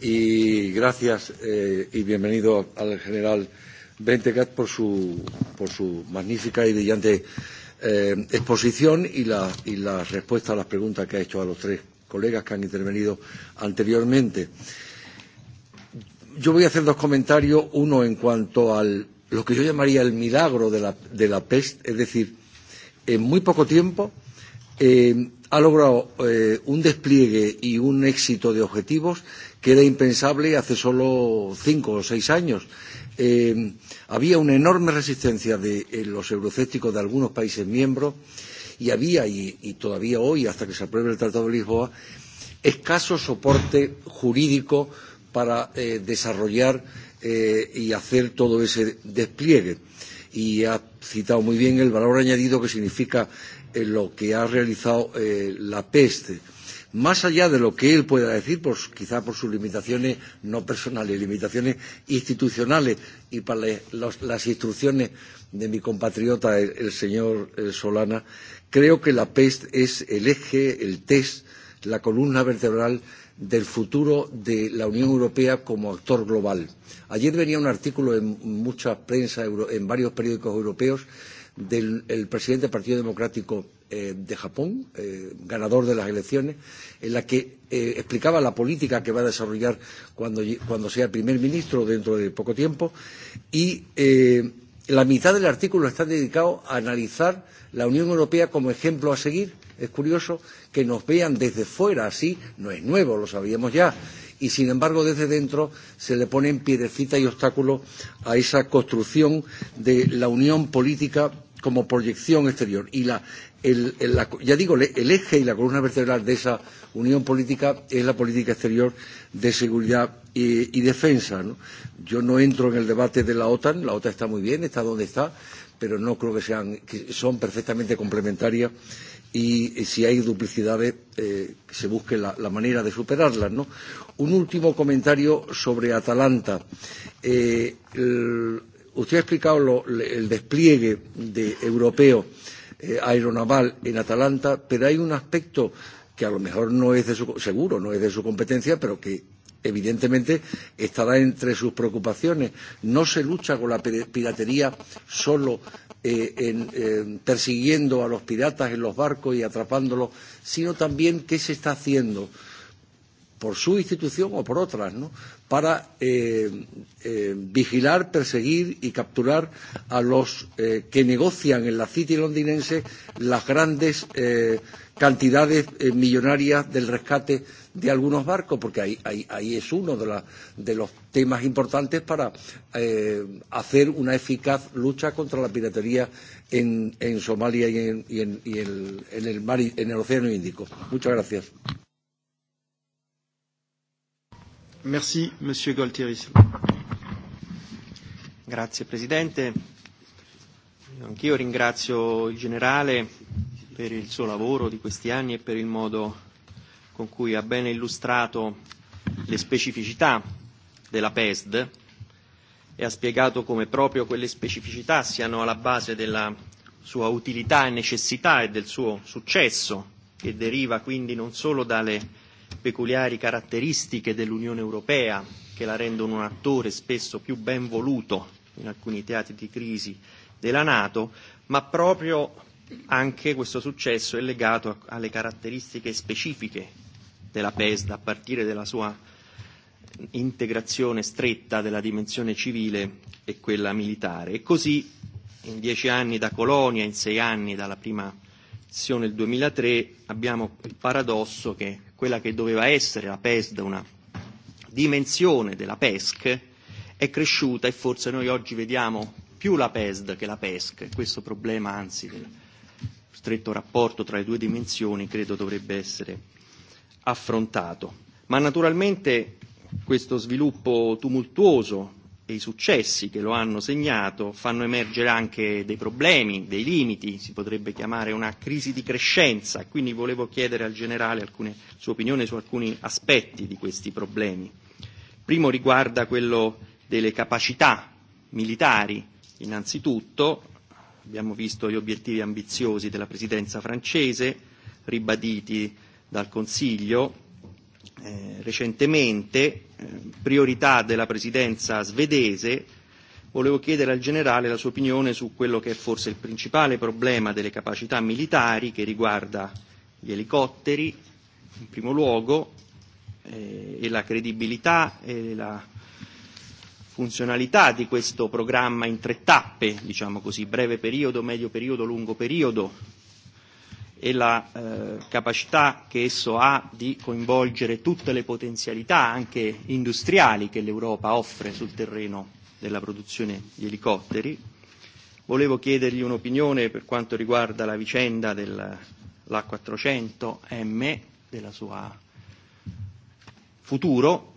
y gracias eh, y bienvenido al general Bentegat por su, por su magnífica y brillante eh, exposición y, la, y la respuesta a las preguntas que ha hecho a los tres colegas que han intervenido anteriormente. Yo voy a hacer dos comentarios, uno en cuanto a lo que yo llamaría el milagro de la, de la PEST, es decir, en muy poco tiempo eh, ha logrado eh, un despliegue y un éxito de objetivos que era impensable hace solo cinco o seis años. Eh, había una enorme resistencia de eh, los euroescépticos de algunos países miembros y había, y, y todavía hoy, hasta que se apruebe el Tratado de Lisboa, escaso soporte jurídico para eh, desarrollar eh, y hacer todo ese despliegue. Y ha citado muy bien el valor añadido que significa eh, lo que ha realizado eh, la peste. Más allá de lo que él pueda decir, pues, quizá por sus limitaciones no personales, limitaciones institucionales y para los, las instrucciones de mi compatriota, el, el señor eh, Solana, Creo que la PES es el eje, el test, la columna vertebral del futuro de la Unión Europea como actor global. Ayer venía un artículo en mucha prensa, en varios periódicos europeos, del el presidente del Partido Democrático eh, de Japón, eh, ganador de las elecciones, en la que eh, explicaba la política que va a desarrollar cuando, cuando sea primer ministro dentro de poco tiempo y eh, la mitad del artículo está dedicado a analizar la Unión Europea como ejemplo a seguir. Es curioso que nos vean desde fuera así, no es nuevo, lo sabíamos ya. Y sin embargo, desde dentro se le ponen piedrecita y obstáculos a esa construcción de la unión política como proyección exterior. Y la el, el, la, ya digo, el eje y la columna vertebral de esa unión política es la política exterior de seguridad y, y defensa. ¿no? Yo no entro en el debate de la OTAN, la OTAN está muy bien, está donde está, pero no creo que sean, que son perfectamente complementarias y eh, si hay duplicidades eh, se busque la, la manera de superarlas. ¿no? Un último comentario sobre Atalanta. Eh, el, usted ha explicado lo, el despliegue de europeo. Eh, eh, aeronaval en Atalanta, pero hay un aspecto que a lo mejor no es de su, seguro, no es de su competencia, pero que evidentemente estará entre sus preocupaciones. No se lucha con la piratería solo eh, en, eh, persiguiendo a los piratas en los barcos y atrapándolos, sino también qué se está haciendo por su institución o por otras, ¿no? para eh, eh, vigilar, perseguir y capturar a los eh, que negocian en la City londinense las grandes eh, cantidades eh, millonarias del rescate de algunos barcos, porque ahí, ahí, ahí es uno de, la, de los temas importantes para eh, hacer una eficaz lucha contra la piratería en, en Somalia y, en, y, en, y el, en, el mar, en el Océano Índico. Muchas gracias. Merci, Monsieur Gualtieri. Grazie Presidente. Anch'io ringrazio il Generale per il suo lavoro di questi anni e per il modo con cui ha ben illustrato le specificità della PESD e ha spiegato come proprio quelle specificità siano alla base della sua utilità e necessità e del suo successo, che deriva quindi non solo dalle peculiari caratteristiche dell'Unione Europea che la rendono un attore spesso più ben voluto in alcuni teatri di crisi della Nato, ma proprio anche questo successo è legato alle caratteristiche specifiche della PESD a partire dalla sua integrazione stretta della dimensione civile e quella militare. E così in dieci anni da Colonia, in sei anni dalla prima edizione del 2003 abbiamo il paradosso che quella che doveva essere la PESD, da una dimensione della PESC, è cresciuta e forse noi oggi vediamo più la PESD che la PESC. Questo problema, anzi, del stretto rapporto tra le due dimensioni credo dovrebbe essere affrontato. Ma naturalmente questo sviluppo tumultuoso e i successi che lo hanno segnato fanno emergere anche dei problemi, dei limiti, si potrebbe chiamare una crisi di crescenza, quindi volevo chiedere al generale alcune, sue opinioni su alcuni aspetti di questi problemi. primo riguarda quello delle capacità militari, innanzitutto abbiamo visto gli obiettivi ambiziosi della presidenza francese ribaditi dal Consiglio eh, recentemente, eh, priorità della presidenza svedese, volevo chiedere al generale la sua opinione su quello che è forse il principale problema delle capacità militari che riguarda gli elicotteri, in primo luogo, eh, e la credibilità e la funzionalità di questo programma in tre tappe, diciamo così, breve periodo, medio periodo, lungo periodo, e la eh, capacità che esso ha di coinvolgere tutte le potenzialità anche industriali che l'Europa offre sul terreno della produzione di elicotteri. Volevo chiedergli un'opinione per quanto riguarda la vicenda dell'A400M, della sua futuro.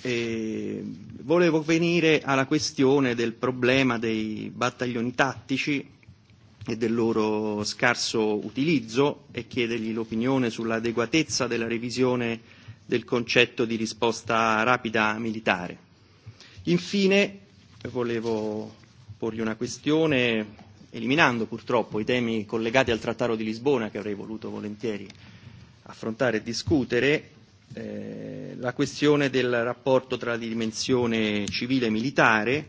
E volevo venire alla questione del problema dei battaglioni tattici e del loro scarso utilizzo e chiedergli l'opinione sull'adeguatezza della revisione del concetto di risposta rapida militare. Infine volevo porgli una questione eliminando purtroppo i temi collegati al Trattato di Lisbona che avrei voluto volentieri affrontare e discutere, eh, la questione del rapporto tra la dimensione civile e militare,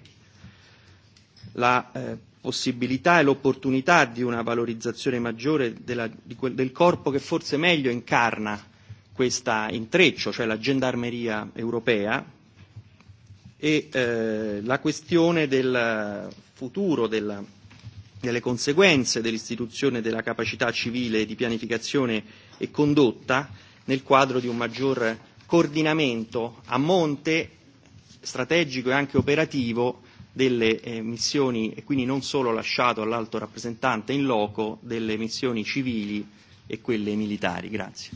la eh, possibilità e l'opportunità di una valorizzazione maggiore della, di quel, del corpo che forse meglio incarna questo intreccio, cioè la gendarmeria europea, e eh, la questione del futuro, della, delle conseguenze dell'istituzione della capacità civile di pianificazione e condotta nel quadro di un maggior coordinamento a monte strategico e anche operativo delle eh, missioni, e quindi non solo lasciato all'alto rappresentante in loco, delle missioni civili e quelle militari. Grazie.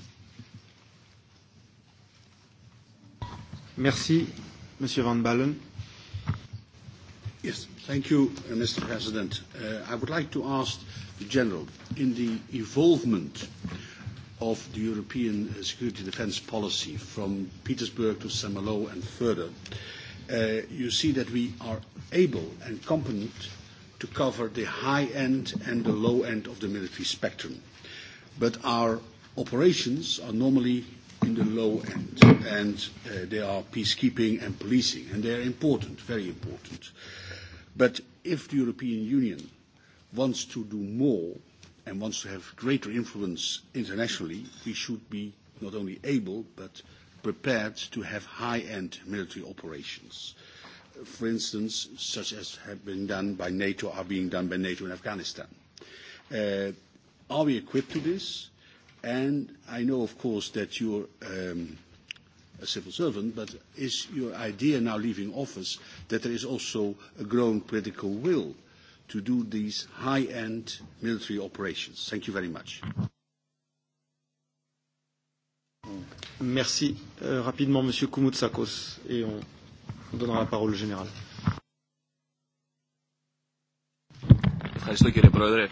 Merci, Monsieur Van Ballen. Yes, thank you, uh, Mr. President. Uh, I would like to ask the General, in the involvement of the European uh, security Defence policy from Petersburg to Semerlo and further, uh, Uh, you see that we are able and competent to cover the high end and the low end of the military spectrum. But our operations are normally in the low end, and uh, they are peacekeeping and policing, and they are important, very important. But if the European Union wants to do more and wants to have greater influence internationally, we should be not only able, but uh, prepared to have high-end military operations. For instance, such as have been done by NATO, are being done by NATO in Afghanistan. Uh, are we equipped to this? And I know, of course, that you're um, a civil servant, but is your idea now leaving office that there is also a growing political will to do these high-end military operations? Thank you very much. Merci. Euh, rapidement, Monsieur Koumoutsakos, et on, on donnera la parole au général. Ευχαριστώ κύριε Πρόεδρε.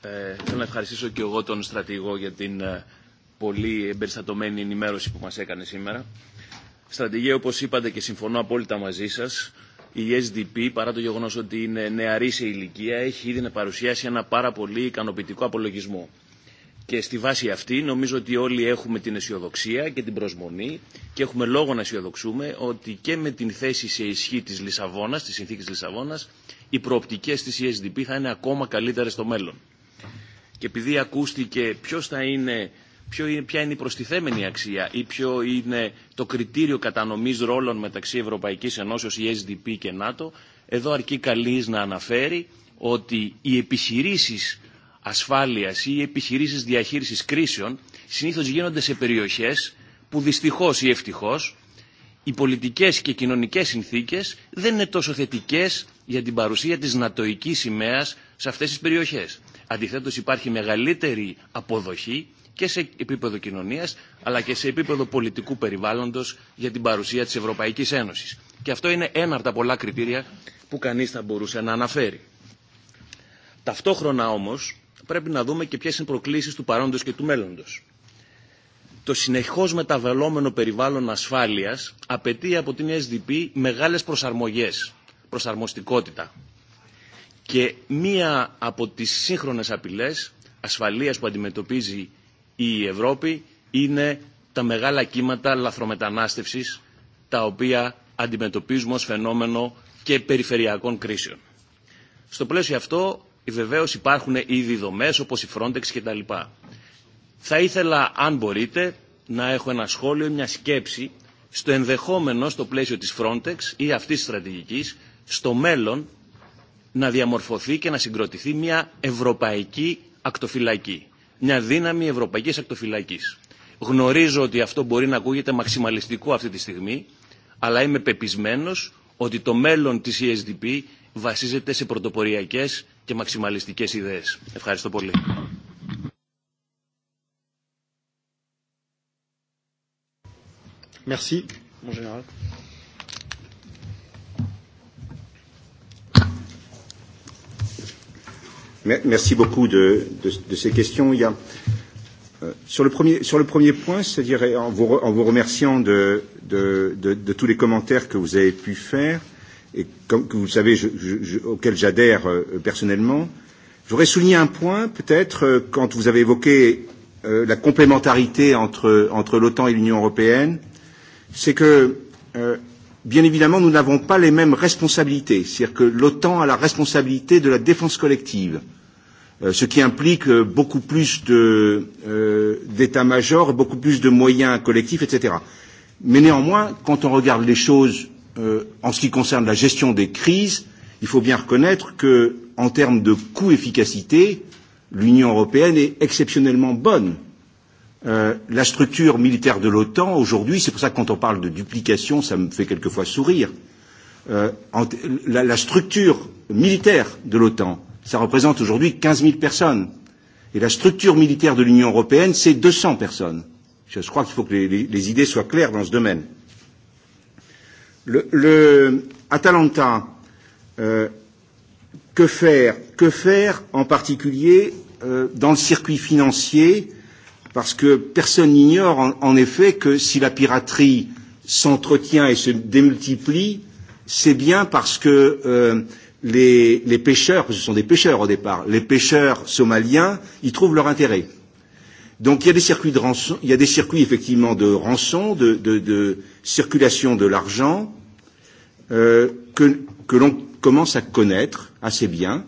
Ε, θέλω να ευχαριστήσω και εγώ τον στρατηγό για την ε, πολύ εμπεριστατωμένη ενημέρωση που μας έκανε σήμερα. Στρατηγέ, όπως είπατε και συμφωνώ απόλυτα μαζί σας, η SDP, παρά το γεγονός ότι είναι νεαρή σε ηλικία, έχει ήδη να παρουσιάσει ένα πάρα πολύ ικανοποιητικό απολογισμό. Και στη βάση αυτή νομίζω ότι όλοι έχουμε την αισιοδοξία και την προσμονή και έχουμε λόγο να αισιοδοξούμε ότι και με την θέση σε ισχύ της Λισαβόνας, της συνθήκης Λισαβόνας, οι προοπτικές της ESDP θα είναι ακόμα καλύτερες στο μέλλον. Και επειδή ακούστηκε ποιος θα είναι, ποιο είναι, ποια είναι η προστιθέμενη αξία ή ποιο είναι το κριτήριο κατανομής ρόλων μεταξύ Ευρωπαϊκής Ενώσεως, ESDP και ΝΑΤΟ, εδώ αρκεί καλής να αναφέρει ότι οι επιχειρήσεις ασφάλειας ή επιχειρήσεις διαχείρισης κρίσεων συνήθως γίνονται σε περιοχές που δυστυχώς ή ευτυχώς οι πολιτικές και κοινωνικές συνθήκες δεν είναι τόσο θετικές για την παρουσία της νατοικής σημαίας σε αυτές τις περιοχές. Αντιθέτως υπάρχει μεγαλύτερη αποδοχή και σε επίπεδο κοινωνίας αλλά και σε επίπεδο πολιτικού περιβάλλοντος για την παρουσία της Ευρωπαϊκής Ένωσης. Και αυτό είναι ένα από τα πολλά κριτήρια που κανείς θα μπορούσε να αναφέρει. Ταυτόχρονα όμως πρέπει να δούμε και ποιες είναι οι προκλήσεις του παρόντος και του μέλλοντος. Το συνεχώς μεταβαλλόμενο περιβάλλον ασφάλειας απαιτεί από την SDP μεγάλες προσαρμογές, προσαρμοστικότητα. Και μία από τις σύγχρονες απειλές ασφαλείας που αντιμετωπίζει η Ευρώπη είναι τα μεγάλα κύματα λαθρομετανάστευσης τα οποία αντιμετωπίζουμε ως φαινόμενο και περιφερειακών κρίσεων. Στο πλαίσιο αυτό Βεβαίω υπάρχουν ήδη δομέ όπω η Frontex κτλ. Θα ήθελα, αν μπορείτε, να έχω ένα σχόλιο, μια σκέψη στο ενδεχόμενο, στο πλαίσιο της Frontex ή αυτής της στρατηγικής, στο μέλλον να διαμορφωθεί και να συγκροτηθεί μια ευρωπαϊκή ακτοφυλακή. Μια δύναμη ευρωπαϊκής ακτοφυλακής. Γνωρίζω ότι αυτό μπορεί να ακούγεται μαξιμαλιστικό αυτή τη στιγμή, αλλά είμαι πεπισμένος ότι το μέλλον της ESDP βασίζεται σε πρωτοποριακές και μαξιμαλιστικές ιδέες. Ευχαριστώ πολύ. Merci, mon général. Merci beaucoup de, de, de ces questions. Il y a, euh, sur, le premier, sur le premier point, c'est-à-dire en en vous remerciant de, de, de, de tous les commentaires que vous avez pu faire, euh, et comme que vous savez, je, je, je, auquel j'adhère euh, personnellement. Je voudrais souligner un point, peut-être, euh, quand vous avez évoqué euh, la complémentarité entre, entre l'OTAN et l'Union européenne, c'est que, euh, bien évidemment, nous n'avons pas les mêmes responsabilités. C'est-à-dire que l'OTAN a la responsabilité de la défense collective, euh, ce qui implique euh, beaucoup plus euh, d'états-majors, euh, beaucoup plus de moyens collectifs, etc. Mais néanmoins, quand on regarde les choses euh, en ce qui concerne la gestion des crises, il faut bien reconnaître que, en termes de coût-efficacité, l'Union européenne est exceptionnellement bonne. Euh, la structure militaire de l'OTAN aujourd'hui, c'est pour ça que quand on parle de duplication, ça me fait quelquefois sourire. Euh, en, la, la structure militaire de l'OTAN, ça représente aujourd'hui 15 000 personnes. Et la structure militaire de l'Union européenne, c'est 200 personnes. Je crois qu'il faut que les, les, les idées soient claires dans ce domaine. Euh, le, le Atalanta, euh, que faire Que faire en particulier euh, dans le circuit financier Parce que personne n'ignore en, en effet que si la piraterie s'entretient et se démultiplie, c'est bien parce que euh, les, les pêcheurs, parce que ce sont des pêcheurs au départ, les pêcheurs somaliens, ils trouvent leur intérêt. Donc il y a des circuits de rançon, il y a des circuits effectivement de rançon, de, de, de circulation de l'argent euh, que, que l'on commence à connaître assez bien.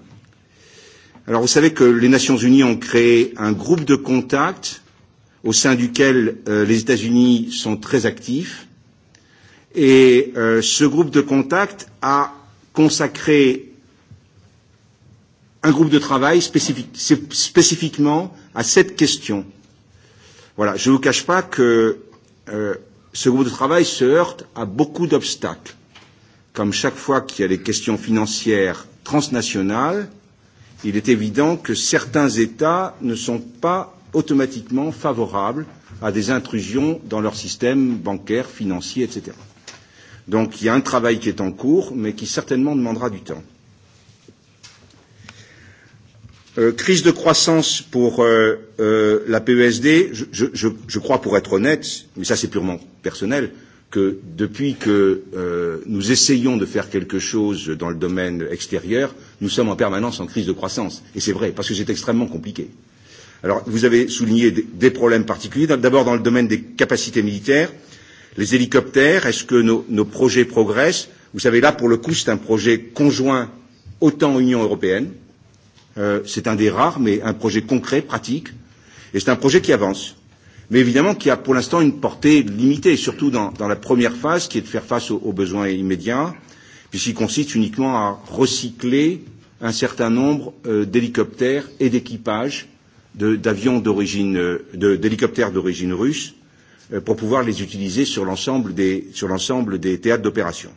Alors vous savez que les Nations Unies ont créé un groupe de contact au sein duquel euh, les États-Unis sont très actifs. Et euh, ce groupe de contact a consacré un groupe de travail spécifique, spécifiquement à cette question Voilà, je ne vous cache pas que euh, ce groupe de travail se heurte à beaucoup d'obstacles. Comme chaque fois qu'il y a des questions financières transnationales, il est évident que certains États ne sont pas automatiquement favorables à des intrusions dans leur système bancaire, financier, etc. Donc il y a un travail qui est en cours, mais qui certainement demandera du temps. Euh, crise de croissance pour euh, euh, la PESD, je, je, je crois pour être honnête, mais ça c'est purement personnel, que depuis que euh, nous essayons de faire quelque chose dans le domaine extérieur, nous sommes en permanence en crise de croissance. Et c'est vrai, parce que c'est extrêmement compliqué. Alors, vous avez souligné des, des problèmes particuliers, d'abord dans le domaine des capacités militaires, les hélicoptères, est-ce que nos, nos projets progressent Vous savez, là, pour le coup, c'est un projet conjoint autant Union européenne, Euh, c'est un des rares, mais un projet concret, pratique, et c'est un projet qui avance, mais évidemment qui a pour l'instant une portée limitée, surtout dans, dans la première phase, qui est de faire face aux, aux besoins immédiats, puisqu'il consiste uniquement à recycler un certain nombre euh, d'hélicoptères et d'équipages d'avions d'origine euh, d'hélicoptères d'origine russe euh, pour pouvoir les utiliser sur l'ensemble des, des théâtres d'opération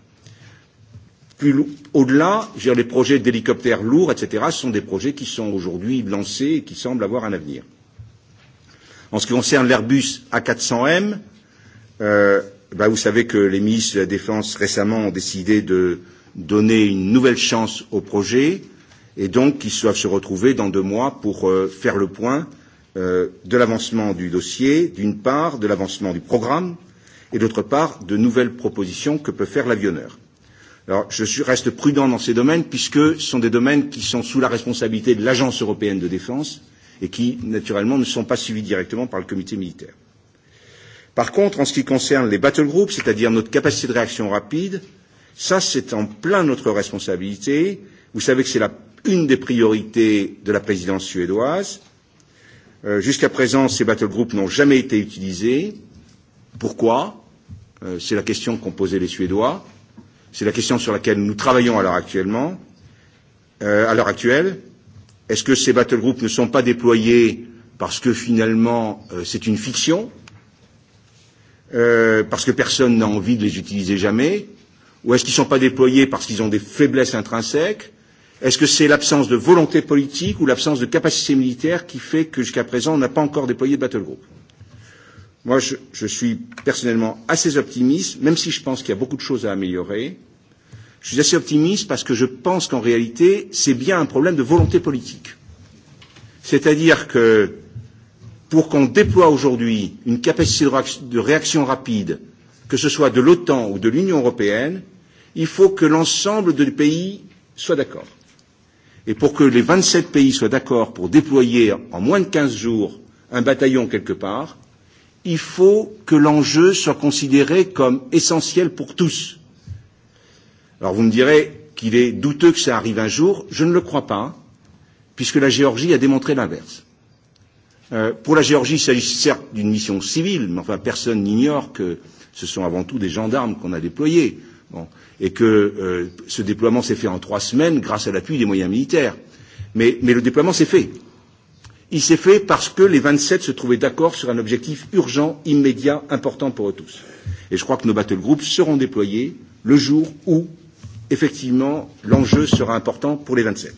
plus au-delà, les projets d'hélicoptères lourds, etc., ce sont des projets qui sont aujourd'hui lancés et qui semblent avoir un avenir. En ce qui concerne l'Airbus A400M, euh, bah vous savez que les ministres de la Défense récemment ont décidé de donner une nouvelle chance au projet et donc qu'ils doivent se retrouver dans deux mois pour euh, faire le point euh, de l'avancement du dossier, d'une part, de l'avancement du programme et d'autre part, de nouvelles propositions que peut faire l'avionneur. Alors, je suis, reste prudent dans ces domaines puisque ce sont des domaines qui sont sous la responsabilité de l'Agence européenne de défense et qui, naturellement, ne sont pas suivis directement par le comité militaire. Par contre, en ce qui concerne les battle groups, c'est-à-dire notre capacité de réaction rapide, ça, c'est en plein notre responsabilité. Vous savez que c'est une des priorités de la présidence suédoise. Euh, Jusqu'à présent, ces battle groups n'ont jamais été utilisés. Pourquoi euh, C'est la question qu'ont posée les Suédois. C'est la question sur laquelle nous travaillons à l'heure actuellement. Euh, à l'heure actuelle, est-ce que ces battle groups ne sont pas déployés parce que finalement euh, c'est une fiction, euh, parce que personne n'a envie de les utiliser jamais, ou est-ce qu'ils ne sont pas déployés parce qu'ils ont des faiblesses intrinsèques Est-ce que c'est l'absence de volonté politique ou l'absence de capacité militaire qui fait que jusqu'à présent on n'a pas encore déployé de battle groups Moi, je, je suis personnellement assez optimiste, même si je pense qu'il y a beaucoup de choses à améliorer. Je suis assez optimiste parce que je pense qu'en réalité, c'est bien un problème de volonté politique. C'est-à-dire que pour qu'on déploie aujourd'hui une capacité de réaction rapide, que ce soit de l'OTAN ou de l'Union européenne, il faut que l'ensemble des pays soient d'accord. Et pour que les 27 pays soient d'accord pour déployer en moins de 15 jours un bataillon quelque part, il faut que l'enjeu soit considéré comme essentiel pour tous. Alors vous me direz qu'il est douteux que ça arrive un jour, je ne le crois pas, puisque la Géorgie a démontré l'inverse. Euh, pour la Géorgie, il s'agit certes d'une mission civile, mais enfin personne n'ignore que ce sont avant tout des gendarmes qu'on a déployés, bon, et que euh, ce déploiement s'est fait en trois semaines grâce à l'appui des moyens militaires. Mais, mais le déploiement s'est fait. Euh, Il s'est fait parce que les 27 se trouvaient d'accord sur un objectif urgent, immédiat, important pour eux tous. Et je crois que nos battle groups seront déployés le jour où, effectivement, l'enjeu sera important pour les 27.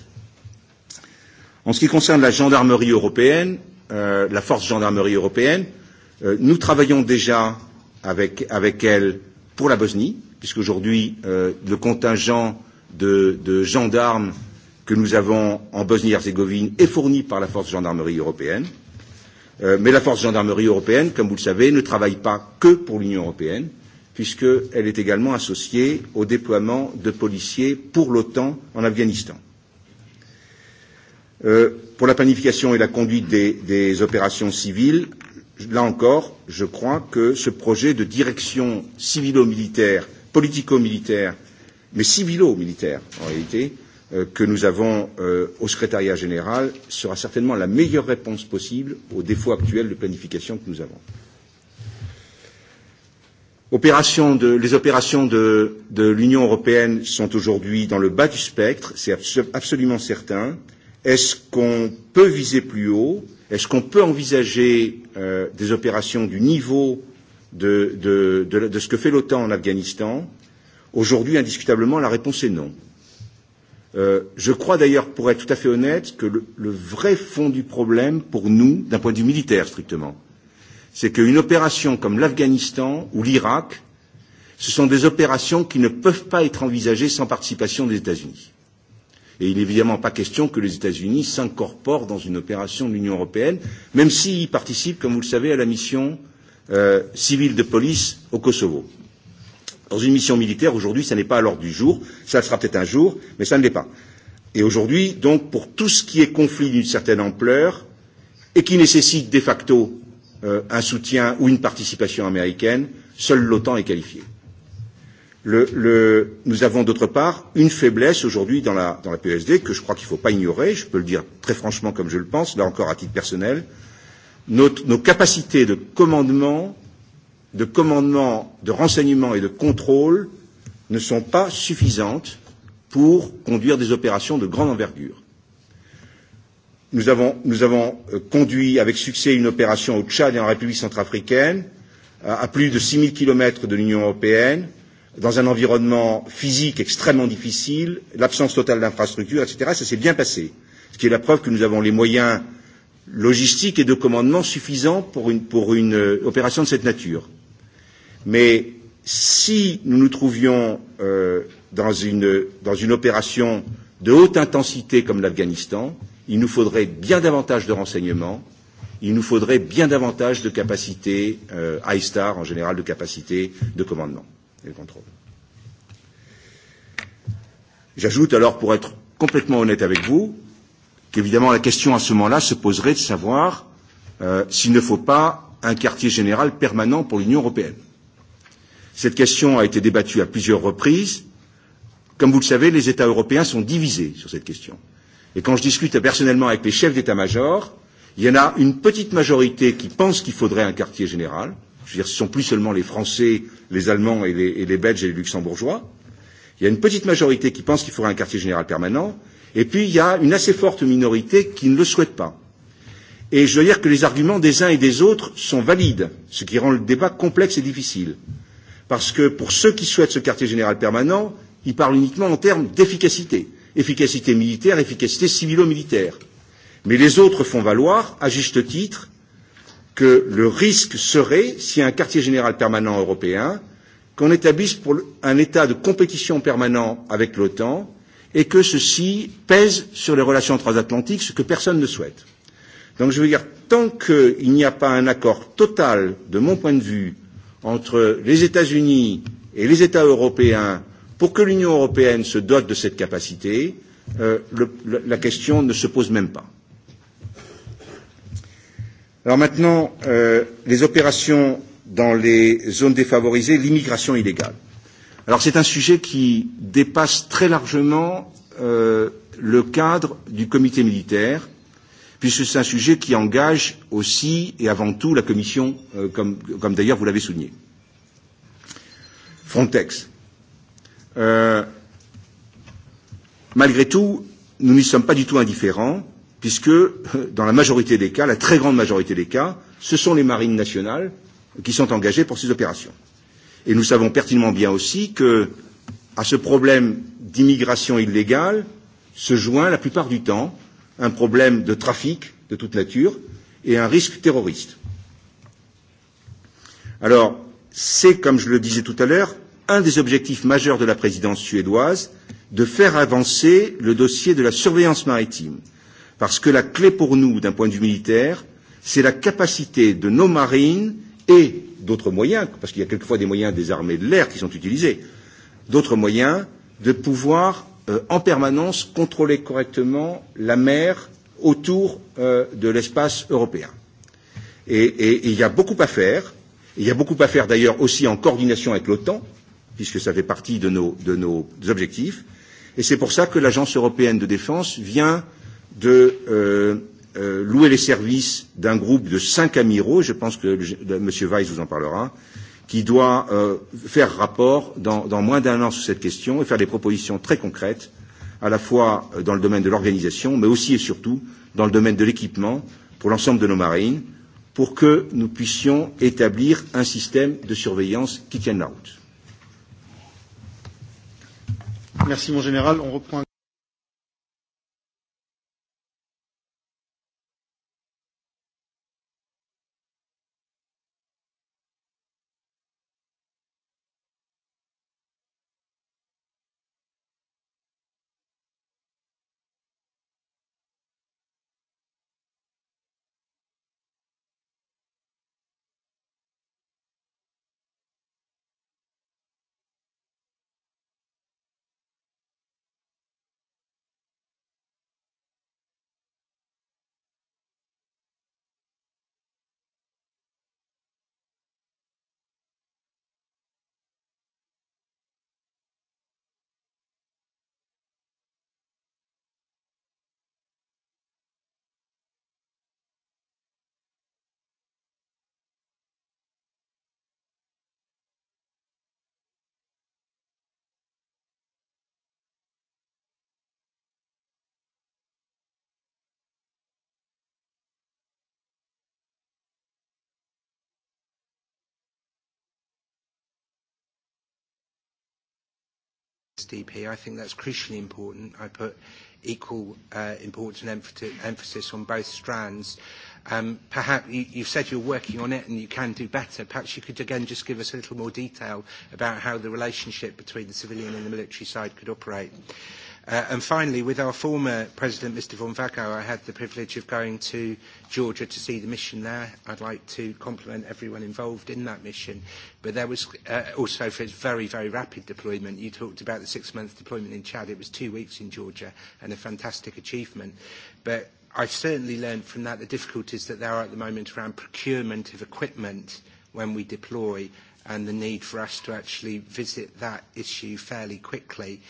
En ce qui concerne la gendarmerie européenne, euh, la force gendarmerie européenne, euh, nous travaillons déjà avec, avec elle pour la Bosnie, puisqu'aujourd'hui, euh, le contingent de, de gendarmes euh, que nous avons en Bosnie-Herzégovine est fournie par la force de gendarmerie européenne. Euh, mais la force de gendarmerie européenne, comme vous le savez, ne travaille pas que pour l'Union européenne, puisqu'elle est également associée au déploiement de policiers pour l'OTAN en Afghanistan. Euh, pour la planification et la conduite des, des opérations civiles, là encore, je crois que ce projet de direction civilo-militaire, politico-militaire, mais civilo-militaire en réalité, Euh, que nous avons euh, au secrétariat général sera certainement la meilleure réponse possible aux défauts actuels de planification que nous avons. Opération de, les opérations de, de l'Union européenne sont aujourd'hui dans le bas du spectre, c'est abso absolument certain. Est-ce qu'on peut viser plus haut Est-ce qu'on peut envisager euh, des opérations du niveau de, de, de, de ce que fait l'OTAN en Afghanistan Aujourd'hui, indiscutablement, la réponse est non. Euh, Euh, je crois d'ailleurs, pour être tout à fait honnête, que le, le vrai fond du problème, pour nous, d'un point de vue militaire strictement, c'est qu'une opération comme l'Afghanistan ou l'Irak, ce sont des opérations qui ne peuvent pas être envisagées sans participation des États-Unis. Et il n'est évidemment pas question que les États-Unis s'incorporent dans une opération de l'Union européenne, même s'ils participent, comme vous le savez, à la mission euh, civile de police au Kosovo. Dans une mission militaire, aujourd'hui, ça n'est pas à l'ordre du jour. Ça le sera peut-être un jour, mais ça ne l'est pas. Et aujourd'hui, donc, pour tout ce qui est conflit d'une certaine ampleur et qui nécessite de facto euh, un soutien ou une participation américaine, seule l'OTAN est qualifiée. Le, le, nous avons d'autre part une faiblesse aujourd'hui dans la, dans la PSD que je crois qu'il ne faut pas ignorer, je peux le dire très franchement comme je le pense, là encore à titre personnel, notre, nos capacités de commandement de commandement, de renseignement et de contrôle ne sont pas suffisantes pour conduire des opérations de grande envergure. Nous avons, nous avons euh, conduit avec succès une opération au Tchad et en République centrafricaine, à, plus de 6000 km de l'Union européenne, dans un environnement physique extrêmement difficile, l'absence totale d'infrastructures, etc. Ça s'est bien passé, ce qui est la preuve que nous avons les moyens logistiques et de commandement suffisants pour une, pour une euh, opération de cette nature. Mais si nous nous trouvions euh, dans, une, dans une opération de haute intensité comme l'Afghanistan, il nous faudrait bien davantage de renseignements, il nous faudrait bien davantage de capacités, euh, ISTAR en général, de capacités de commandement et de contrôle. J'ajoute alors, pour être complètement honnête avec vous, qu'évidemment la question à ce moment-là se poserait de savoir euh, s'il ne faut pas un quartier général permanent pour l'Union européenne. Cette question a été débattue à plusieurs reprises. Comme vous le savez, les États européens sont divisés sur cette question. Et quand je discute personnellement avec les chefs d'état-major, il y en a une petite majorité qui pense qu'il faudrait un quartier général. Je veux dire, ce ne sont plus seulement les Français, les Allemands et les, et les Belges et les Luxembourgeois. Il y a une petite majorité qui pense qu'il faudrait un quartier général permanent. Et puis, il y a une assez forte minorité qui ne le souhaite pas. Et je dois dire que les arguments des uns et des autres sont valides, ce qui rend le débat complexe et difficile. Parce que pour ceux qui souhaitent ce quartier général permanent, ils parlent uniquement en termes d'efficacité. Efficacité militaire, efficacité civilo-militaire. Mais les autres font valoir, à juste titre, que le risque serait, si un quartier général permanent européen, qu'on établisse pour un état de compétition permanent avec l'OTAN et que ceci pèse sur les relations transatlantiques, ce que personne ne souhaite. Donc je veux dire, tant qu'il n'y a pas un accord total, de mon point de vue, entre les États-Unis et les États européens pour que l'Union européenne se dote de cette capacité, euh, le, le, la question ne se pose même pas. Alors maintenant, euh, les opérations dans les zones défavorisées, l'immigration illégale. Alors c'est un sujet qui dépasse très largement euh, le cadre du comité militaire puisque c'est un sujet qui engage aussi et avant tout la Commission, euh, comme, comme d'ailleurs vous l'avez souligné. Frontex. Euh, malgré tout, nous n'y sommes pas du tout indifférents, puisque euh, dans la majorité des cas, la très grande majorité des cas, ce sont les marines nationales qui sont engagées pour ces opérations. Et nous savons pertinemment bien aussi que, à ce problème d'immigration illégale, se joint la plupart du temps un problème de trafic de toute nature et un risque terroriste. Alors, c'est, comme je le disais tout à l'heure, un des objectifs majeurs de la présidence suédoise de faire avancer le dossier de la surveillance maritime, parce que la clé pour nous, d'un point de vue militaire, c'est la capacité de nos marines et d'autres moyens, parce qu'il y a quelquefois des moyens des armées de l'air qui sont utilisés, d'autres moyens de pouvoir euh, en permanence contrôler correctement la mer autour euh, de l'espace européen. Et il y a beaucoup à faire. Il y a beaucoup à faire d'ailleurs aussi en coordination avec l'OTAN, puisque ça fait partie de nos, de nos objectifs. Et c'est pour ça que l'Agence européenne de défense vient de euh, euh, louer les services d'un groupe de cinq amiraux, je pense que le, de, M. Weiss vous en parlera, qui doit euh, faire rapport dans, dans moins d'un an sur cette question et faire des propositions très concrètes, à la fois euh, dans le domaine de l'organisation, mais aussi et surtout dans le domaine de l'équipement pour l'ensemble de nos marines, pour que nous puissions établir un système de surveillance qui tienne la route. Merci, mon général. On reprend. DP. I think that's crucially important. I put equal uh, importance and emphasis on both strands. Um, perhaps you, you've said you're working on it and you can do better. Perhaps you could again just give us a little more detail about how the relationship between the civilian and the military side could operate. Uh, and finally, with our former president, Mr. von Vago, I had the privilege of going to Georgia to see the mission there. I'd like to compliment everyone involved in that mission. But there was uh, also for its very, very rapid deployment. You talked about the six-month deployment in Chad. It was two weeks in Georgia and a fantastic achievement. But I certainly learned from that the difficulties that there are at the moment around procurement of equipment when we deploy and the need for us to actually visit that issue fairly quickly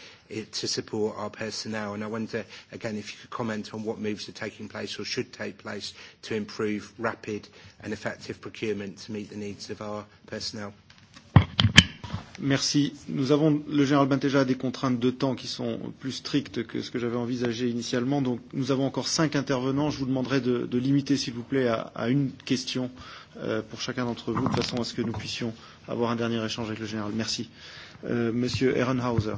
to support our personnel. I wonder, again, if you could comment on what moves are taking place or should take place to improve rapid and effective procurement to meet the needs of our personnel. Merci. Nous avons, le général Benteja a des contraintes de temps qui sont plus strictes que ce que j'avais envisagé initialement. Donc nous avons encore cinq intervenants. Je vous demanderai de, limiter, s'il vous plaît, à, une question euh, pour chacun d'entre vous, de façon à ce que nous puissions avoir un dernier échange avec le général. Merci. Euh, monsieur Ehrenhauser.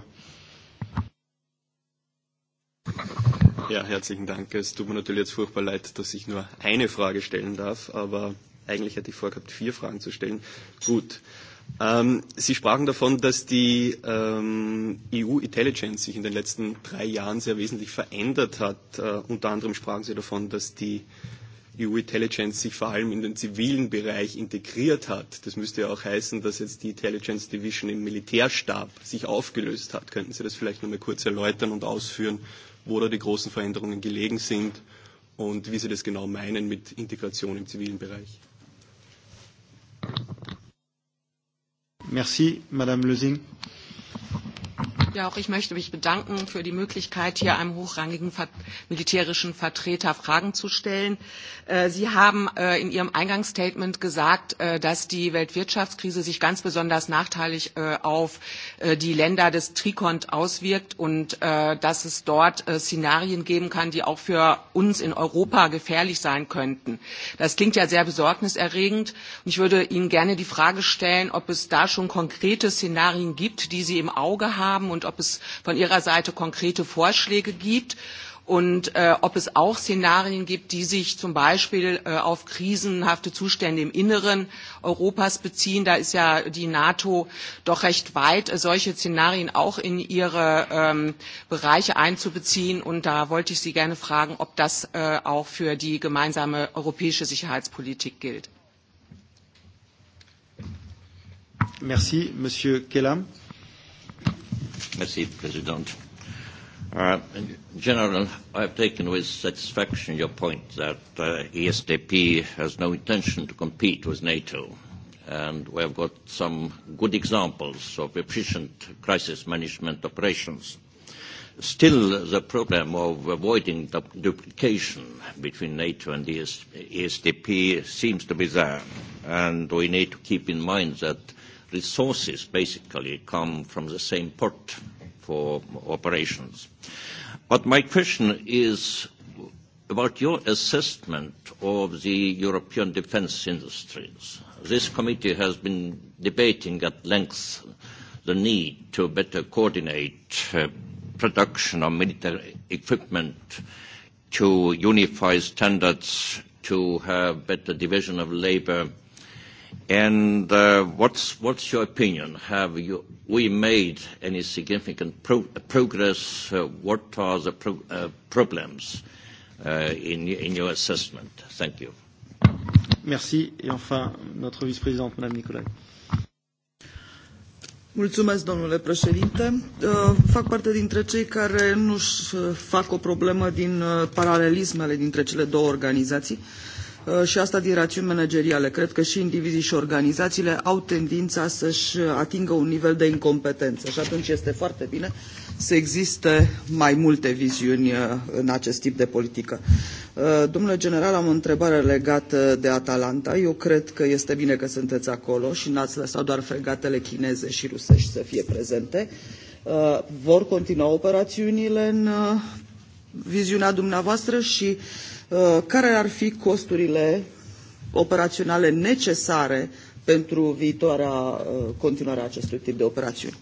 Ja, herzlichen Dank. Es tut mir natürlich jetzt furchtbar leid, dass ich nur eine Frage stellen darf, aber eigentlich hätte ich vorgehabt, vier Fragen zu stellen. Gut. Ähm, Sie sprachen davon, dass die ähm, EU-Intelligence sich in den letzten drei Jahren sehr wesentlich verändert hat. Äh, unter anderem sprachen Sie davon, dass die EU-Intelligence sich vor allem in den zivilen Bereich integriert hat. Das müsste ja auch heißen, dass jetzt die Intelligence Division im Militärstab sich aufgelöst hat. Könnten Sie das vielleicht noch mal kurz erläutern und ausführen, wo da die großen Veränderungen gelegen sind und wie Sie das genau meinen mit Integration im zivilen Bereich. Merci, Madame Lösing. Ja, auch ich möchte mich bedanken für die Möglichkeit, hier einem hochrangigen ver militärischen Vertreter Fragen zu stellen. Äh, Sie haben äh, in Ihrem Eingangsstatement gesagt, äh, dass die Weltwirtschaftskrise sich ganz besonders nachteilig äh, auf äh, die Länder des Trikont auswirkt und äh, dass es dort äh, Szenarien geben kann, die auch für uns in Europa gefährlich sein könnten. Das klingt ja sehr besorgniserregend. Und ich würde Ihnen gerne die Frage stellen, ob es da schon konkrete Szenarien gibt, die Sie im Auge haben haben und ob es von Ihrer Seite konkrete Vorschläge gibt und äh, ob es auch Szenarien gibt, die sich zum Beispiel äh, auf krisenhafte Zustände im Inneren Europas beziehen. Da ist ja die NATO doch recht weit, äh, solche Szenarien auch in ihre ähm, Bereiche einzubeziehen. Und da wollte ich Sie gerne fragen, ob das äh, auch für die gemeinsame europäische Sicherheitspolitik gilt. Merci, Monsieur Kellam. Merci, President. Uh, in general, I have taken with satisfaction your point that uh, ESDP has no intention to compete with NATO. And we have got some good examples of efficient crisis management operations. Still, the problem of avoiding du duplication between NATO and ES ESDP seems to be there. And we need to keep in mind that resources basically come from the same port for operations. But my question is about your assessment of the European defence industries. This committee has been debating at length the need to better coordinate uh, production of military equipment, to unify standards, to have better division of labour, And uh, what's, what's your opinion? Have you, we made any significant pro progress? Uh, what are the pro uh, problems uh, in, in your assessment? Thank you. Merci. Et enfin, notre vice-présidente, Madame Nicolai. Mulțumesc, domnule președinte. Uh, fac parte dintre cei care nu-și uh, fac o problemă din uh, paralelismele dintre cele două organizații. Uh, și asta din rațiuni manageriale. Cred că și indivizii și organizațiile au tendința să-și atingă un nivel de incompetență și atunci este foarte bine să existe mai multe viziuni uh, în acest tip de politică. Uh, domnule general, am o întrebare legată de Atalanta. Eu cred că este bine că sunteți acolo și n-ați lăsat doar fregatele chineze și rusești să fie prezente. Vor continua operațiunile în viziunea dumneavoastră și uh, Uh, care ar fi costurile operaționale necesare pentru viitoarea uh, continuare a acestui tip de operațiuni.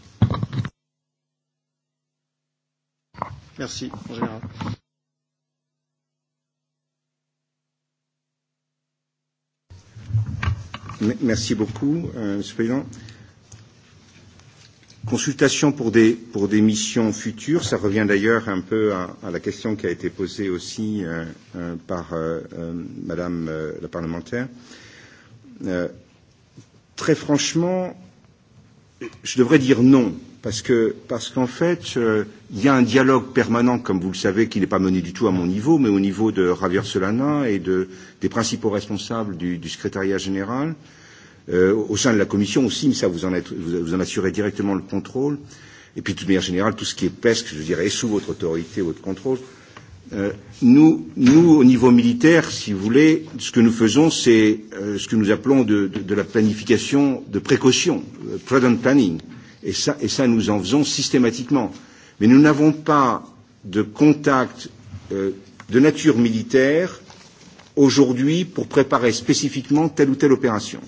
Merci, en général. Merci beaucoup, euh, Monsieur le Président. Consultation pour des, pour des missions futures, ça revient d'ailleurs un peu à, à la question qui a été posée aussi euh, euh, par euh, euh, Madame euh, la parlementaire. Euh, très franchement, je devrais dire non, parce qu'en parce qu en fait, euh, il euh, y a un dialogue permanent, comme vous le savez, qui n'est pas mené du tout à mon niveau, mais au niveau de Javier Solana et de, des principaux responsables du, du secrétariat général. Euh, euh, au sein de la Commission aussi, mais ça vous en, êtes, vous en assurez directement le contrôle. Et puis, de toute manière générale, tout ce qui est PESC, je dirais, est sous votre autorité, votre contrôle. Euh, nous, nous, au niveau militaire, si vous voulez, ce que nous faisons, c'est euh, ce que nous appelons de, de, de la planification de précaution, euh, prudent planning. Et ça, et ça, nous en faisons systématiquement. Mais nous n'avons pas de contact euh, de nature militaire aujourd'hui pour préparer spécifiquement telle ou telle opération.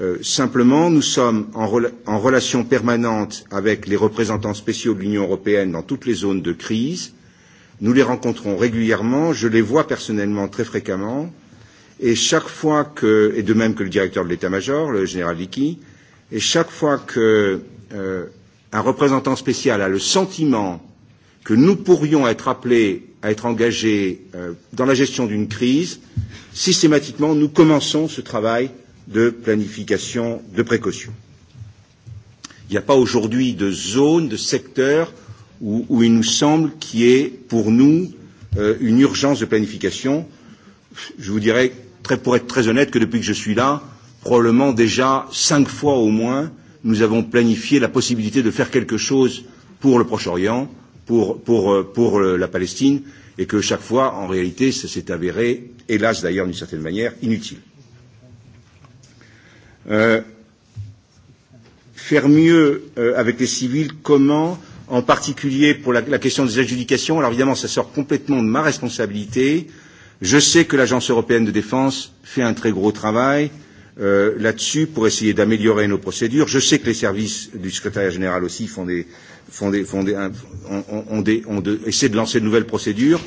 Euh, simplement, nous sommes en, rela en relation permanente avec les représentants spéciaux de l'Union européenne dans toutes les zones de crise. Nous les rencontrons régulièrement, je les vois personnellement très fréquemment, et chaque fois que, et de même que le directeur de l'état-major, le général Vicky, et chaque fois que euh, un représentant spécial a le sentiment que nous pourrions être appelés à être engagés euh, dans la gestion d'une crise, systématiquement, nous commençons ce travail euh, de planification de précaution. Il n'y a pas aujourd'hui de zone, de secteur où, où il nous semble qu'il y ait pour nous euh, une urgence de planification. Je vous dirais, très, pour être très honnête, que depuis que je suis là, probablement déjà cinq fois au moins, nous avons planifié la possibilité de faire quelque chose pour le Proche-Orient, pour, pour, euh, pour euh, la Palestine, et que chaque fois, en réalité, ça s'est avéré, hélas d'ailleurs d'une certaine manière, inutile. Euh, faire mieux euh, avec les civils, comment en particulier pour la, la question des adjudications, alors évidemment ça sort complètement de ma responsabilité, je sais que l'Agence européenne de défense fait un très gros travail euh, là-dessus pour essayer d'améliorer nos procédures, je sais que les services du secrétariat général aussi font des, font des, font des, un, ont, ont des, ont de, essaient de lancer de nouvelles procédures.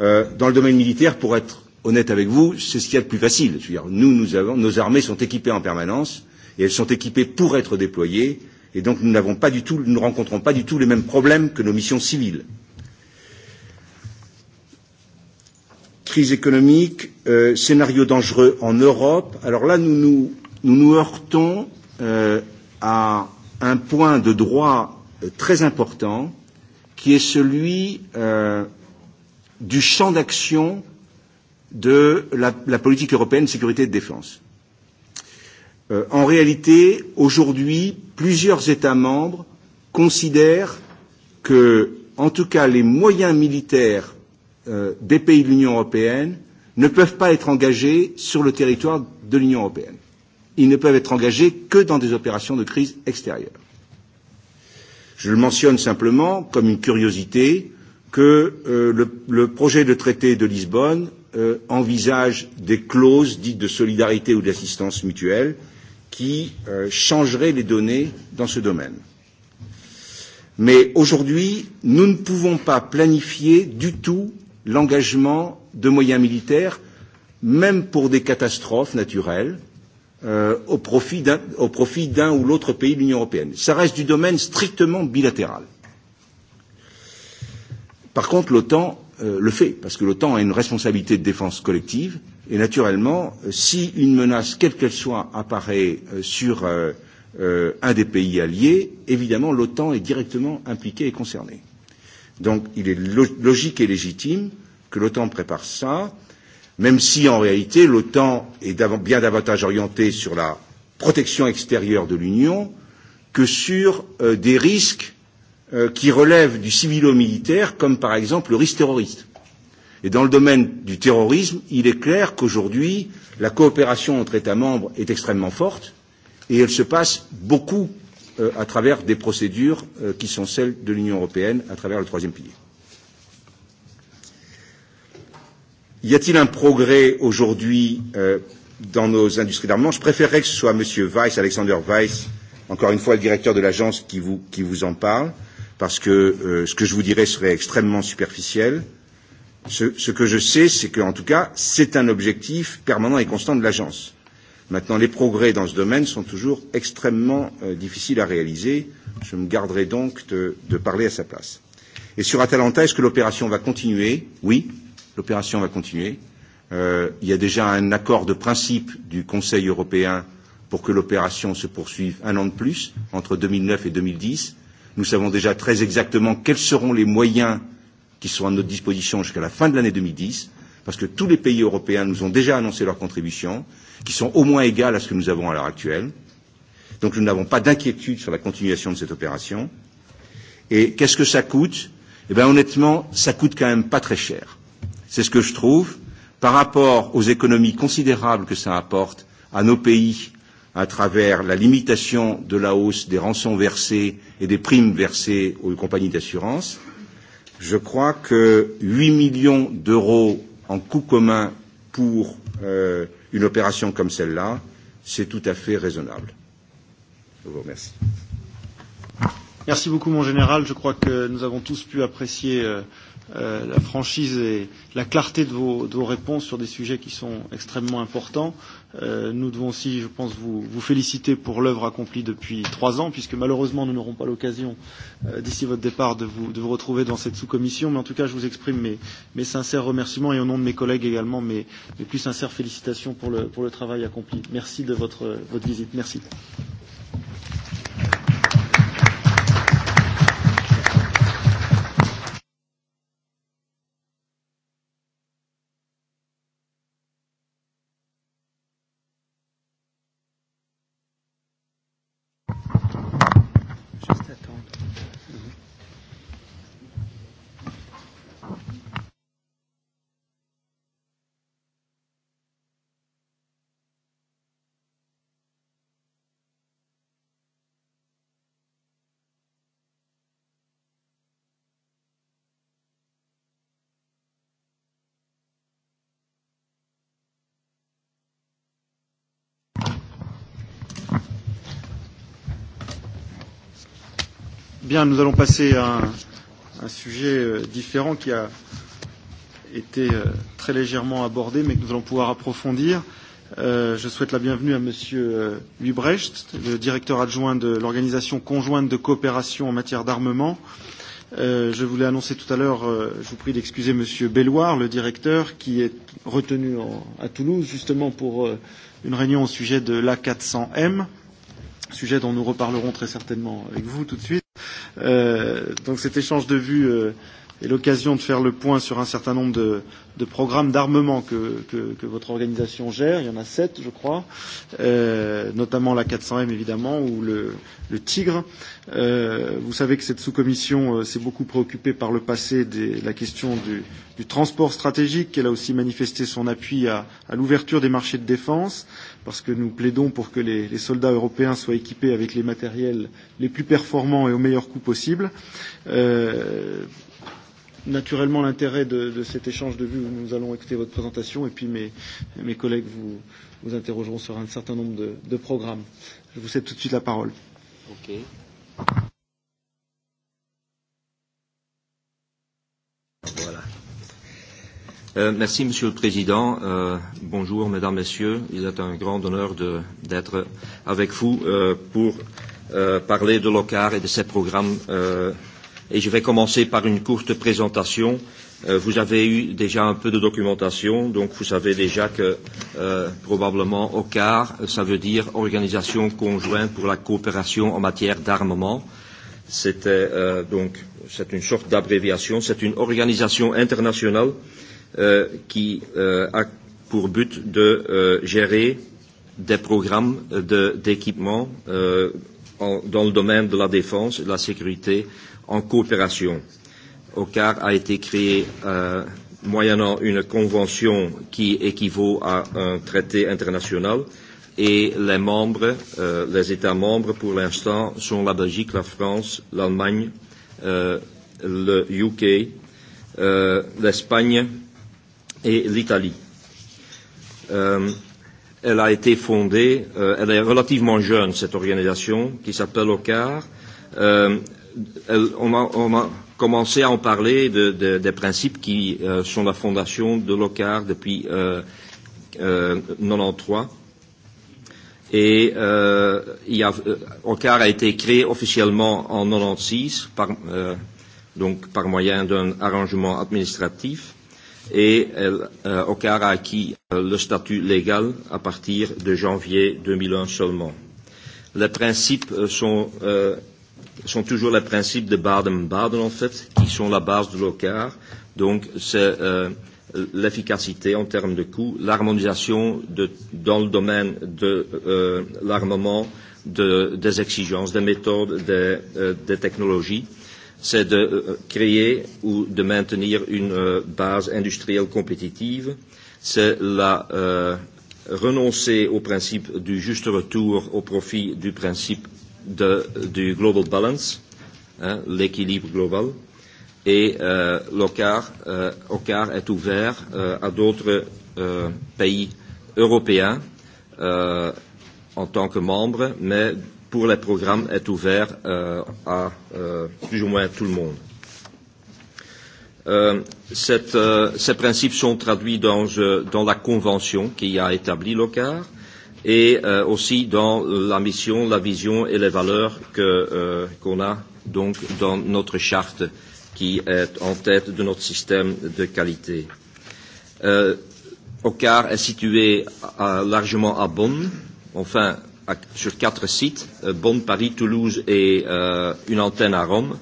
Euh, dans le domaine militaire, pour être honnête avec vous, c'est ce qu'il y a de plus facile. Je veux dire, nous, nous avons, nos armées sont équipées en permanence et elles sont équipées pour être déployées et donc nous n'avons pas du tout, nous ne rencontrons pas du tout les mêmes problèmes que nos missions civiles. Crise économique, euh, scénario dangereux en Europe. Alors là, nous nous, nous, nous heurtons euh, à un point de droit euh, très important qui est celui euh, du champ d'action euh, de la, la politique européenne de sécurité et de défense. Euh, en réalité, aujourd'hui, plusieurs États membres considèrent que, en tout cas, les moyens militaires euh, des pays de l'Union européenne ne peuvent pas être engagés sur le territoire de l'Union européenne. Ils ne peuvent être engagés que dans des opérations de crise extérieure. Je le mentionne simplement comme une curiosité que euh, le, le projet de traité de Lisbonne euh, envisage des clauses dites de solidarité ou d'assistance mutuelle qui euh, changeraient les données dans ce domaine. Mais aujourd'hui, nous ne pouvons pas planifier du tout l'engagement de moyens militaires, même pour des catastrophes naturelles, euh, au profit d'un ou l'autre pays de l'Union européenne. Ça reste du domaine strictement bilatéral. Par contre, l'OTAN Euh, le fait, parce que l'OTAN a une responsabilité de défense collective, et naturellement, euh, si une menace, quelle qu'elle soit, apparaît euh, sur euh, euh, un des pays alliés, évidemment, l'OTAN est directement impliquée et concernée. Donc, il est lo logique et légitime que l'OTAN prépare ça, même si, en réalité, l'OTAN est dav bien davantage orientée sur la protection extérieure de l'Union que sur euh, des risques Euh, qui relèvent du civilo-militaire, comme par exemple le risque terroriste. Et dans le domaine du terrorisme, il est clair qu'aujourd'hui, la coopération entre États membres est extrêmement forte et elle se passe beaucoup euh, à travers des procédures euh, qui sont celles de l'Union européenne, à travers le troisième pilier. Y a-t-il un progrès aujourd'hui euh, dans nos industries d'armement Je préférerais que ce soit M. Weiss, Alexander Weiss, encore une fois le directeur de l'agence, qui vous, qui vous en parle. Euh, parce que euh, ce que je vous dirais serait extrêmement superficiel. Ce, ce que je sais, c'est qu'en tout cas, c'est un objectif permanent et constant de l'agence. Maintenant, les progrès dans ce domaine sont toujours extrêmement euh, difficiles à réaliser. Je me garderai donc de, de parler à sa place. Et sur Atalanta, est-ce que l'opération va continuer Oui, l'opération va continuer. Euh, il y a déjà un accord de principe du Conseil européen pour que l'opération se poursuive un an de plus, entre 2009 et 2010. Nous savons déjà très exactement quels seront les moyens qui seront à notre disposition jusqu'à la fin de l'année 2010, parce que tous les pays européens nous ont déjà annoncé leurs contributions, qui sont au moins égales à ce que nous avons à l'heure actuelle. Donc nous n'avons pas d'inquiétude sur la continuation de cette opération. Et qu'est-ce que ça coûte Eh bien honnêtement, ça coûte quand même pas très cher. C'est ce que je trouve par rapport aux économies considérables que ça apporte à nos pays à travers la limitation de la hausse des rançons versées et des primes versées aux compagnies d'assurance. Je crois que 8 millions d'euros en coût commun pour euh, une opération comme celle-là, c'est tout à fait raisonnable. Je vous remercie. Merci beaucoup, mon général. Je crois que nous avons tous pu apprécier euh, Euh, la franchise et la clarté de vos, de vos réponses sur des sujets qui sont extrêmement importants. Euh, nous devons aussi, je pense, vous, vous féliciter pour l'œuvre accomplie depuis trois ans, puisque malheureusement, nous n'aurons pas l'occasion, euh, d'ici votre départ, de vous, de vous retrouver dans cette sous-commission. Mais en tout cas, je vous exprime mes, mes sincères remerciements et au nom de mes collègues également, mes, mes plus sincères félicitations pour le, pour le travail accompli. Merci de votre, votre visite. Merci. Bien, nous allons passer à un, un sujet euh, différent qui a été euh, très légèrement abordé, mais que nous allons pouvoir approfondir. Euh, je souhaite la bienvenue à Monsieur Hubrecht, le directeur adjoint de l'Organisation conjointe de coopération en matière d'armement. Euh, je voulais annoncer tout à l'heure, je vous prie d'excuser Monsieur Belloir, le directeur, qui est retenu en, à Toulouse justement pour une réunion au sujet de l'A400M, sujet dont nous reparlerons très certainement avec vous tout de suite. Euh, donc cet échange de vues euh, et l'occasion de faire le point sur un certain nombre de, de programmes d'armement que, que, que votre organisation gère. Il y en a sept, je crois, euh, notamment la 400M évidemment ou le, le Tigre. Euh, vous savez que cette sous-commission euh, s'est beaucoup préoccupée par le passé de la question du, du transport stratégique. Elle a aussi manifesté son appui à, à l'ouverture des marchés de défense parce que nous plaidons pour que les, les soldats européens soient équipés avec les matériels les plus performants et au meilleur coût possible. Euh, naturellement l'intérêt de, de cet échange de vues où nous allons écouter votre présentation et puis mes, mes collègues vous, vous interrogeront sur un certain nombre de, de programmes. Je vous cède tout de suite la parole. Ok. Voilà. Euh, merci Monsieur le Président. Euh, bonjour Mesdames, Messieurs. Il est un grand honneur d'être avec vous euh, pour euh, parler de l'OCAR et de ses programmes euh, et je vais commencer par une courte présentation. Euh, vous avez eu déjà un peu de documentation, donc vous savez déjà que euh, probablement OCAR, ça veut dire Organisation conjointe pour la coopération en matière d'armement. C'était euh, donc c'est une sorte d'abréviation, c'est une organisation internationale euh, qui euh, a pour but de euh, gérer des programmes d'équipement de, euh, dans le domaine de la défense, de la sécurité euh, en coopération. OCAR a été créé euh, moyennant une convention qui équivaut à un traité international et les membres, euh, les États membres pour l'instant sont la Belgique, la France, l'Allemagne, euh, le UK, euh, l'Espagne et l'Italie. Euh, elle a été fondée, euh, elle est relativement jeune cette organisation qui s'appelle OCAR. Euh, Euh, on a, on a commencé à en parler de, de, des principes qui euh, sont la fondation de l'OCAR depuis 1993. euh, euh, Et euh, il y a, euh, OCAR a été créé officiellement en 96 par, euh, donc par moyen d'un arrangement administratif. Et elle, euh, euh OCAR a acquis euh, le statut légal à partir de janvier 2001 seulement. Les principes sont euh, sont toujours les principes de Baden-Baden, en fait, qui sont la base de l'OCAR. Donc, c'est euh, l'efficacité en termes de coûts, l'harmonisation dans le domaine de euh, l'armement, de, des exigences, des méthodes, des, euh, des technologies. C'est de euh, créer ou de maintenir une euh, base industrielle compétitive. C'est la euh, renoncer au principe du juste retour au profit du principe de, du global balance, hein, l'équilibre global, et euh, l'OCAR, euh, OCAR est ouvert euh, à d'autres euh, pays européens euh, en tant que membres, mais pour les programmes est ouvert euh, à euh, plus ou moins tout le monde. Euh, cette, euh, ces principes sont traduits dans, euh, dans la convention qui a établi l'OCAR, euh, et euh, aussi dans euh, la mission, la vision et les valeurs que, euh, qu'on a donc dans notre charte qui est en tête de notre système de qualité. Euh, OCAR est situé à, largement à Bonn, enfin à, sur quatre sites, euh, Bonn, Paris, Toulouse et euh, une antenne à Rome.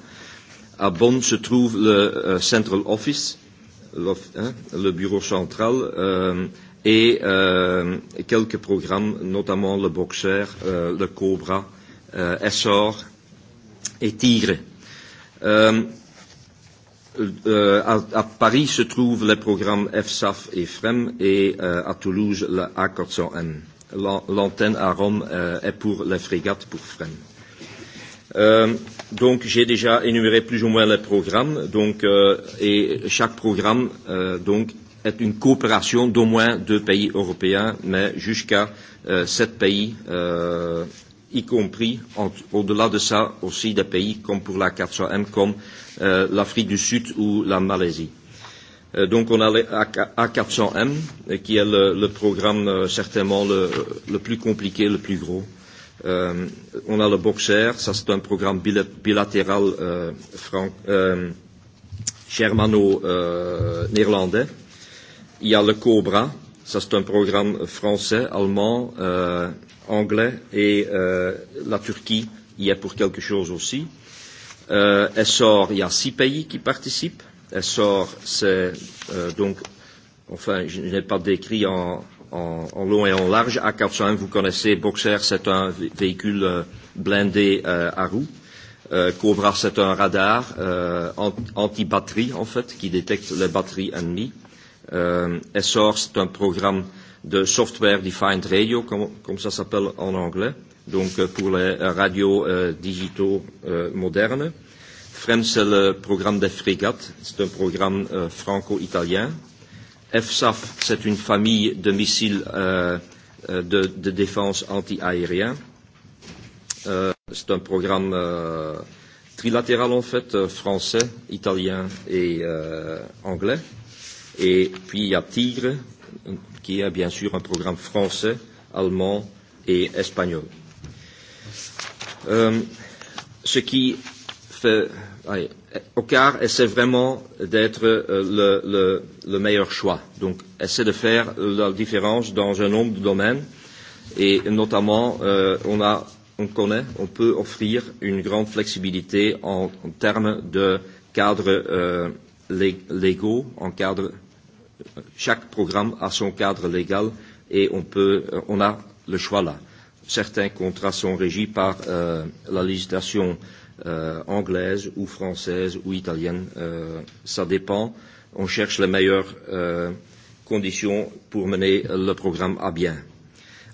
À Bonn se trouve le euh, Central Office, off, hein, le bureau central. Euh, et euh, quelques programmes, notamment le Boxer, euh, le Cobra, euh, Essor et Tigre. Euh, euh, à, à Paris se trouvent les programmes FSAF et FREM et euh, à Toulouse le A400M. L'antenne à Rome euh, est pour les frégates pour FREM. Euh, donc j'ai déjà énuméré plus ou moins les programmes donc, euh, et chaque programme euh, donc, une coopération d'au moins deux pays européens, mais jusqu'à euh, sept pays, euh, y compris au-delà de ça aussi des pays comme pour la 400M, comme euh, l'Afrique du Sud ou la Malaisie. Euh, donc on a l'A400M, qui est le, le programme euh, certainement le, le plus compliqué, le plus gros. Euh, on a le Boxer, ça c'est un programme bilatéral euh, euh, germano-néerlandais. Euh, Il y a le Cobra, ça c'est un programme français, allemand, euh, anglais, et euh, la Turquie y est pour quelque chose aussi. Euh, Essor, il y a six pays qui participent. Essor, c'est euh, donc, enfin, je n'ai pas décrit en, en, en long et en large. A401, vous connaissez, Boxer, c'est un véhicule euh, blindé euh, à roues. Euh, Cobra, c'est un radar euh, anti-batterie, en fait, qui détecte les batteries ennemies euh, essor, c'est un programme de software-defined radio, comme, comme ça s'appelle en anglais, donc eh, pour les eh, radios euh, digitaux euh, modernes. FREM, c'est le programme des frégates, c'est un programme euh, franco-italien. FSAF, c'est une famille de missiles euh, de, de défense anti-aérien. Euh, c'est un programme euh, trilatéral en fait, français, italien et euh, anglais. Euh, Et puis il y a Tigre, qui est bien sûr un programme français, allemand et espagnol. Euh, ce qui fait, au Ocar essaie vraiment d'être euh, le, le, le meilleur choix. Donc essaie de faire la différence dans un nombre de domaines et notamment euh, on a on connaît, on peut offrir une grande flexibilité en, en termes de cadres euh, légaux, en cadre chaque programme a son cadre légal et on, peut, euh, on a le choix là. Certains contrats sont régis par euh, la législation euh, anglaise ou française ou italienne, euh, ça dépend. On cherche les meilleures euh, conditions pour mener le programme à bien.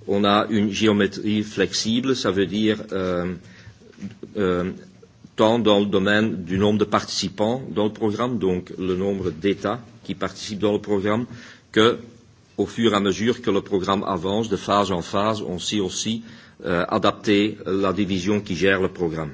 On a une géométrie flexible, ça veut dire euh, euh, tant dans le domaine du nombre de participants dans le programme, donc le nombre d'États qui participent dans le programme, que au fur et à mesure que le programme avance, de phase en phase, on sait aussi euh, adapter la division qui gère le programme,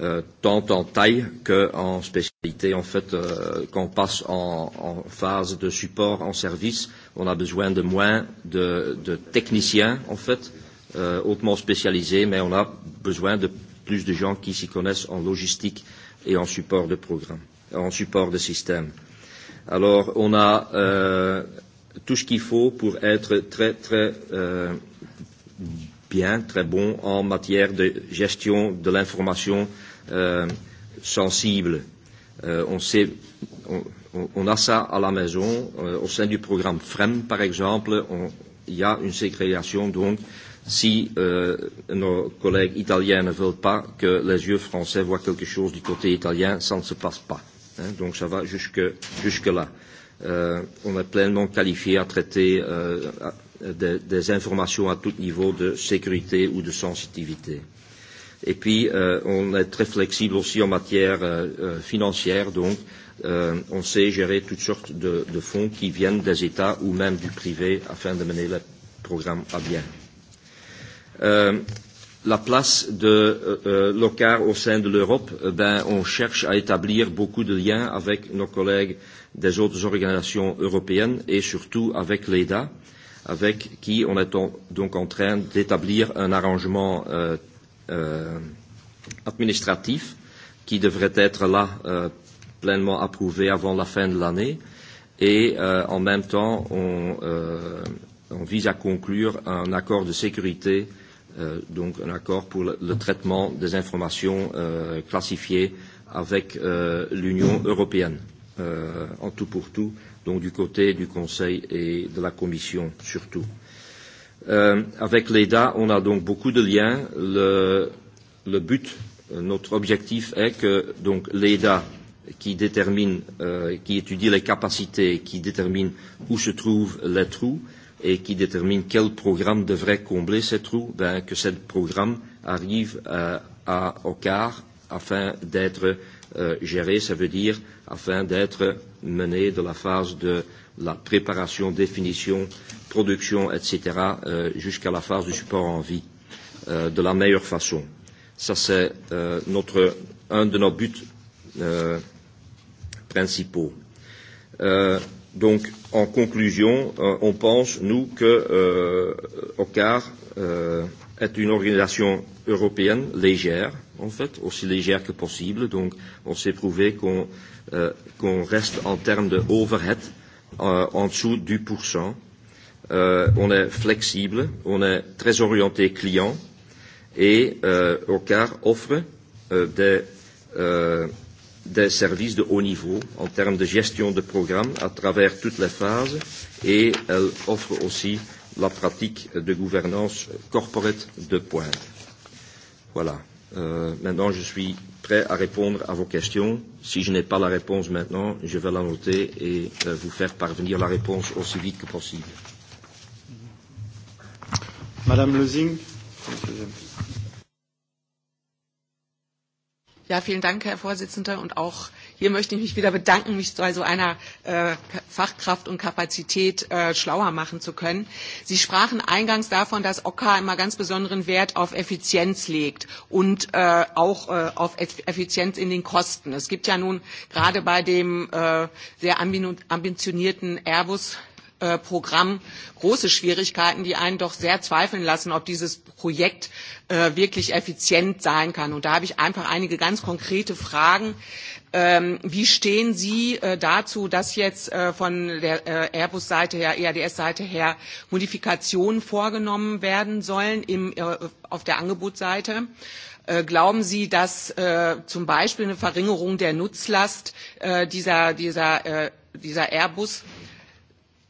euh, tant en taille qu'en spécialité. En fait, euh, quand on passe en, en phase de support en service, on a besoin de moins de, de techniciens, en fait, euh, hautement spécialisés, mais on a besoin de plus de gens qui s'y connaissent en logistique et en support de programme, en support de système. Alors, on a euh, tout ce qu'il faut pour être très, très euh, bien, très bon en matière de gestion de l'information euh, sensible. Euh, on, sait, on, on a ça à la maison. Euh, au sein du programme FREM, par exemple, il y a une ségrégation donc euh, Si euh, nos collègues italiens ne veulent pas que les yeux français voient quelque chose du côté italien, ça ne se passe pas. Hein, donc ça va jusque, jusque là. Euh, on est pleinement qualifié à traiter euh, à, des, des informations à tout niveau de sécurité ou de sensitivité. Et puis, euh, on est très flexible aussi en matière euh, euh financière, donc euh, on sait gérer toutes sortes de, de fonds qui viennent des États ou même du privé afin de mener le programme à bien. Euh, la place de euh, euh l'OCAR au sein de l'Europe, eh ben, on cherche à établir beaucoup de liens avec nos collègues des autres organisations européennes et surtout avec l'EDA, avec qui on est en, donc en train d'établir un arrangement euh, euh, administratif qui devrait être là euh, pleinement approuvé avant la fin de l'année. Et euh, en même temps, on, euh, on vise à conclure un accord de sécurité euh, euh, donc un accord pour le, le traitement des informations euh, classifiées avec euh, l'Union européenne, euh, en tout pour tout, donc du côté du Conseil et de la Commission surtout. Euh, avec l'EDA, on a donc beaucoup de liens. Le, le but, notre objectif est que donc l'EDA qui détermine, euh, qui étudie les capacités, qui détermine où se trouvent les trous, euh, et qui détermine quel programme devrait combler ces trous, ben, que ce programme arrive euh, à, au quart afin d'être euh, géré, ça veut dire afin d'être mené de la phase de la préparation, définition, production, etc., euh, jusqu'à la phase du support en vie, euh, de la meilleure façon. Ça, c'est euh, notre, un de nos buts euh, principaux. Euh, donc, En conclusion, euh, on pense, nous, que euh, OCAR euh, est une organisation européenne légère, en fait, aussi légère que possible. Donc, on s'est prouvé qu'on euh, qu reste en termes de overhead euh, en dessous du pourcent. Euh, on est flexible, on est très orienté client et euh, OCAR offre euh, des euh, des services de haut niveau en termes de gestion de programme à travers toutes les phases et elle offre aussi la pratique de gouvernance corporate de pointe. Voilà. Euh, maintenant, je suis prêt à répondre à vos questions. Si je n'ai pas la réponse maintenant, je vais la noter et euh, vous faire parvenir la réponse aussi vite que possible. Madame Lezing. Ja, vielen Dank, Herr Vorsitzender. Und auch hier möchte ich mich wieder bedanken, mich bei so einer äh, Fachkraft und Kapazität äh, schlauer machen zu können. Sie sprachen eingangs davon, dass OK immer ganz besonderen Wert auf Effizienz legt und äh, auch äh, auf Effizienz in den Kosten. Es gibt ja nun gerade bei dem äh, sehr ambitionierten Airbus Äh, Programm große Schwierigkeiten, die einen doch sehr zweifeln lassen, ob dieses Projekt äh, wirklich effizient sein kann. Und da habe ich einfach einige ganz konkrete Fragen. Ähm, wie stehen Sie äh, dazu, dass jetzt äh, von der äh, Airbus-Seite her, EADS-Seite her Modifikationen vorgenommen werden sollen im, äh, auf der Angebotsseite? glauben Sie, dass äh, zum Beispiel eine Verringerung der Nutzlast äh, dieser, dieser, äh, dieser Airbus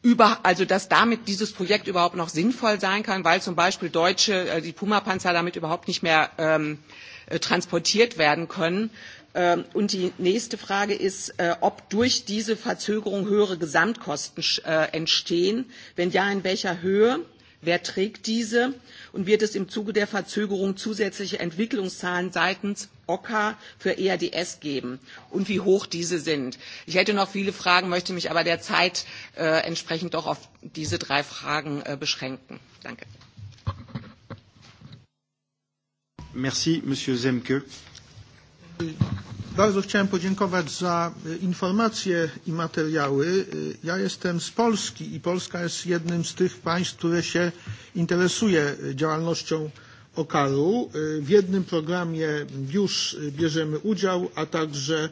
über, also dass damit dieses Projekt überhaupt noch sinnvoll sein kann, weil zum Beispiel deutsche, äh, die Puma-Panzer damit überhaupt nicht mehr ähm, äh, transportiert werden können. Ähm, und die nächste Frage ist, äh, ob durch diese Verzögerung höhere Gesamtkosten äh, entstehen. Wenn ja, in welcher Höhe? Wer trägt diese? Und wird es im Zuge der Verzögerung zusätzliche Entwicklungszahlen seitens OCA für ERDS geben und wie hoch diese sind? Ich hätte noch viele Fragen, möchte mich aber der Zeit äh, entsprechend doch auf diese drei Fragen äh, beschränken. Danke. Merci, Monsieur Zemke. Bardzo chciałem podziękować za informacje i materiały. Ja jestem z Polski i Polska jest jednym z tych państw, które się interesuje działalnością OKAR-u. W jednym programie już bierzemy udział, a także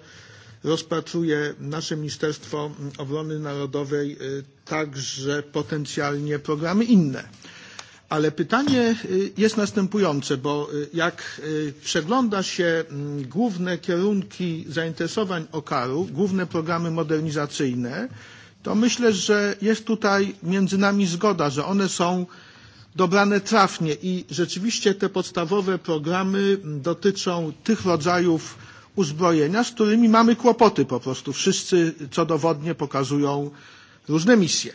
rozpatruje nasze Ministerstwo Obrony Narodowej także potencjalnie programy inne. Ale pytanie jest następujące, bo jak przegląda się mm, główne kierunki zainteresowań OKAR-u, główne programy modernizacyjne, to myślę, że jest tutaj między nami zgoda, że one są dobrane trafnie i rzeczywiście te podstawowe programy mm, dotyczą tych rodzajów uzbrojenia, z którymi mamy kłopoty po prostu. Wszyscy co dowodnie pokazują różne misje.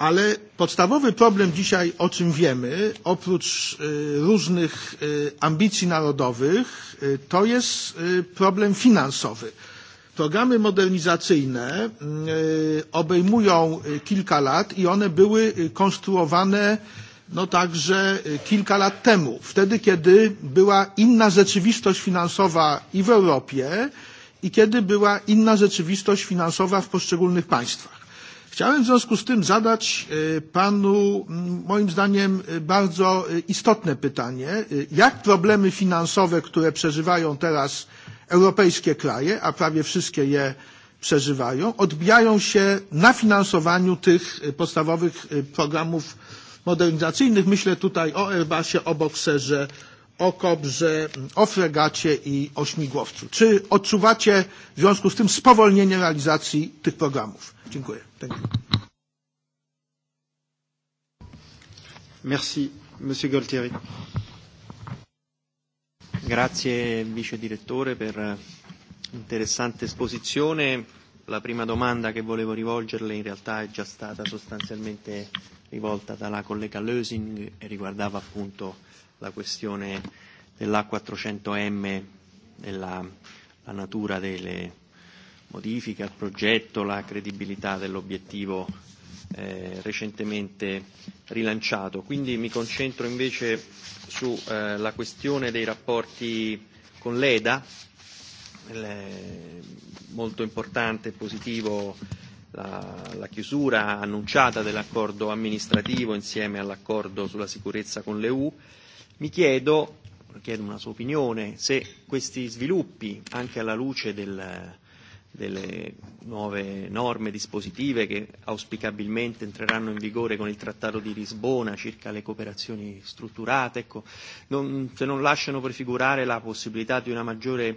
Ale podstawowy problem dzisiaj, o czym wiemy, oprócz różnych ambicji narodowych, to jest problem finansowy. Programy modernizacyjne obejmują kilka lat i one były konstruowane no także kilka lat temu, wtedy kiedy była inna rzeczywistość finansowa i w Europie i kiedy była inna rzeczywistość finansowa w poszczególnych państwach. Chciałem w związku z tym zadać panu, moim zdaniem, bardzo istotne pytanie. Jak problemy finansowe, które przeżywają teraz europejskie kraje, a prawie wszystkie je przeżywają, odbijają się na finansowaniu tych podstawowych programów modernizacyjnych? Myślę tutaj o Airbusie, o Boxerze, o Kobrze, mm, o fregacie i o śmigłowcu. Czy odczuwacie w związku z tym spowolnienie realizacji tych programów? Dziękuję. Thank you. Merci, Monsieur Gualtieri. Grazie Vice Direttore per interessante esposizione. La prima domanda che volevo rivolgerle in realtà è già stata sostanzialmente rivolta dalla collega Lösing e riguardava appunto la questione dell'A400M e la, la natura delle modifiche al progetto, la credibilità dell'obiettivo eh, recentemente rilanciato. Quindi mi concentro invece sulla eh, la questione dei rapporti con l'EDA, le, eh, molto importante e positivo la, la chiusura annunciata dell'accordo amministrativo insieme all'accordo sulla sicurezza con l'EU. Mi chiedo, chiedo una sua opinione, se questi sviluppi, anche alla luce del, delle nuove norme dispositive che auspicabilmente entreranno in vigore con il Trattato di Lisbona circa le cooperazioni strutturate, ecco, non, se non lasciano prefigurare la possibilità di una maggiore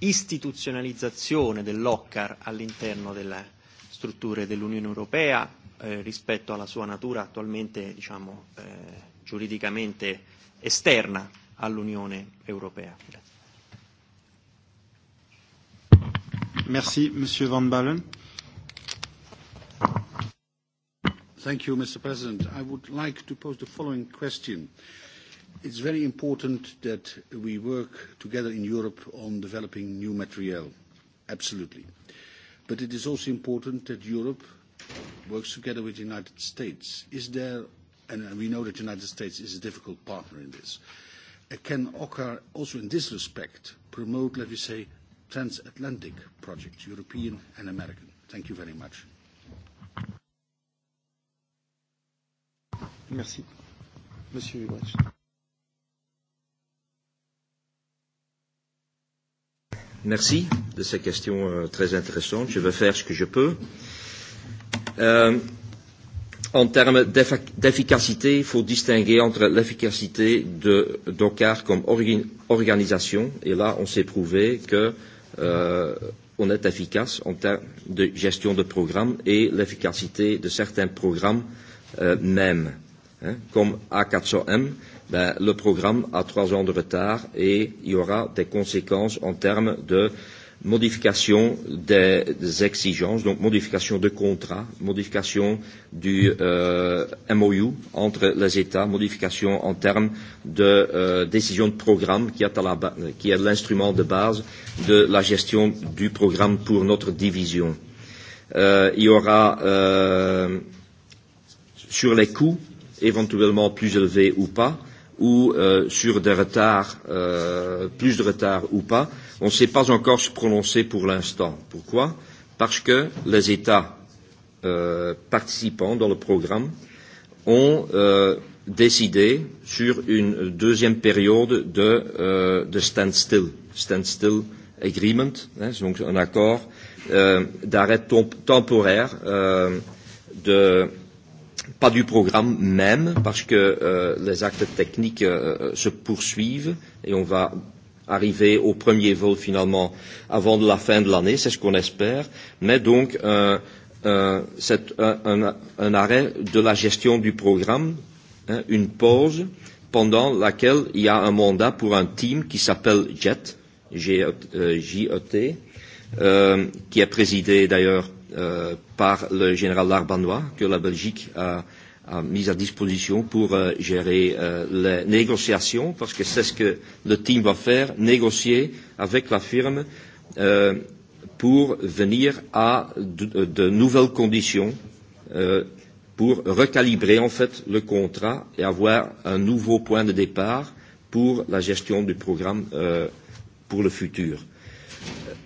istituzionalizzazione dell'OCCAR all'interno delle strutture dell'Unione Europea eh, rispetto alla sua natura attualmente diciamo, eh, giuridicamente eh, esterna all'Unione Europea. Merci, Monsieur Van Balen. Thank you, Mr. President. I would like to pose the following question. It's very important that we work together in Europe on developing new material, absolutely. But it is also important that Europe works together with the United States. Is there and we know that the United States is a difficult partner in this, can OCCAR also in this respect promote, let me say, transatlantic projects, European and American? Thank you very much. Merci. Monsieur Watch. Merci de ces questions euh, très intéressantes. Je vais faire ce que je peux. Euh, en termes d'efficacité, il faut distinguer entre l'efficacité de Docker comme organisation, et là on s'est prouvé que euh, on est efficace en termes de gestion de programme et l'efficacité de certains programmes euh, même. Hein, comme A400M, ben, le programme a trois ans de retard et il y aura des conséquences en termes de euh, modification des, des exigences, donc modification de contrat, modification du euh, MOU entre les États, modification en termes de euh, décision de programme qui est, à la, qui est l'instrument de base de la gestion du programme pour notre division. Euh, il y aura euh, sur les coûts éventuellement plus élevés ou pas, ou euh, sur des retards, euh, plus de retards ou pas, euh, On ne sait pas encore se prononcer pour l'instant. Pourquoi Parce que les États euh, participants dans le programme ont euh, décidé sur une deuxième période de, euh, de standstill, standstill agreement, hein, donc un accord euh, d'arrêt temporaire euh, de pas du programme même, parce que euh, les actes techniques euh, se poursuivent et on va arriver au premier vol finalement avant la fin de l'année, c'est ce qu'on espère, mais donc euh, euh, c'est un, un, un arrêt de la gestion du programme, hein, une pause pendant laquelle il y a un mandat pour un team qui s'appelle JET, J-E-T, euh, euh, qui est présidé d'ailleurs euh, par le général Larbanois, que la Belgique a euh, Euh, mise à disposition pour euh, gérer euh, les négociations, parce que c'est ce que le team va faire, négocier avec la firme euh, pour venir à de, euh, de nouvelles conditions euh, pour recalibrer en fait le contrat et avoir un nouveau point de départ pour la gestion du programme euh, pour le futur.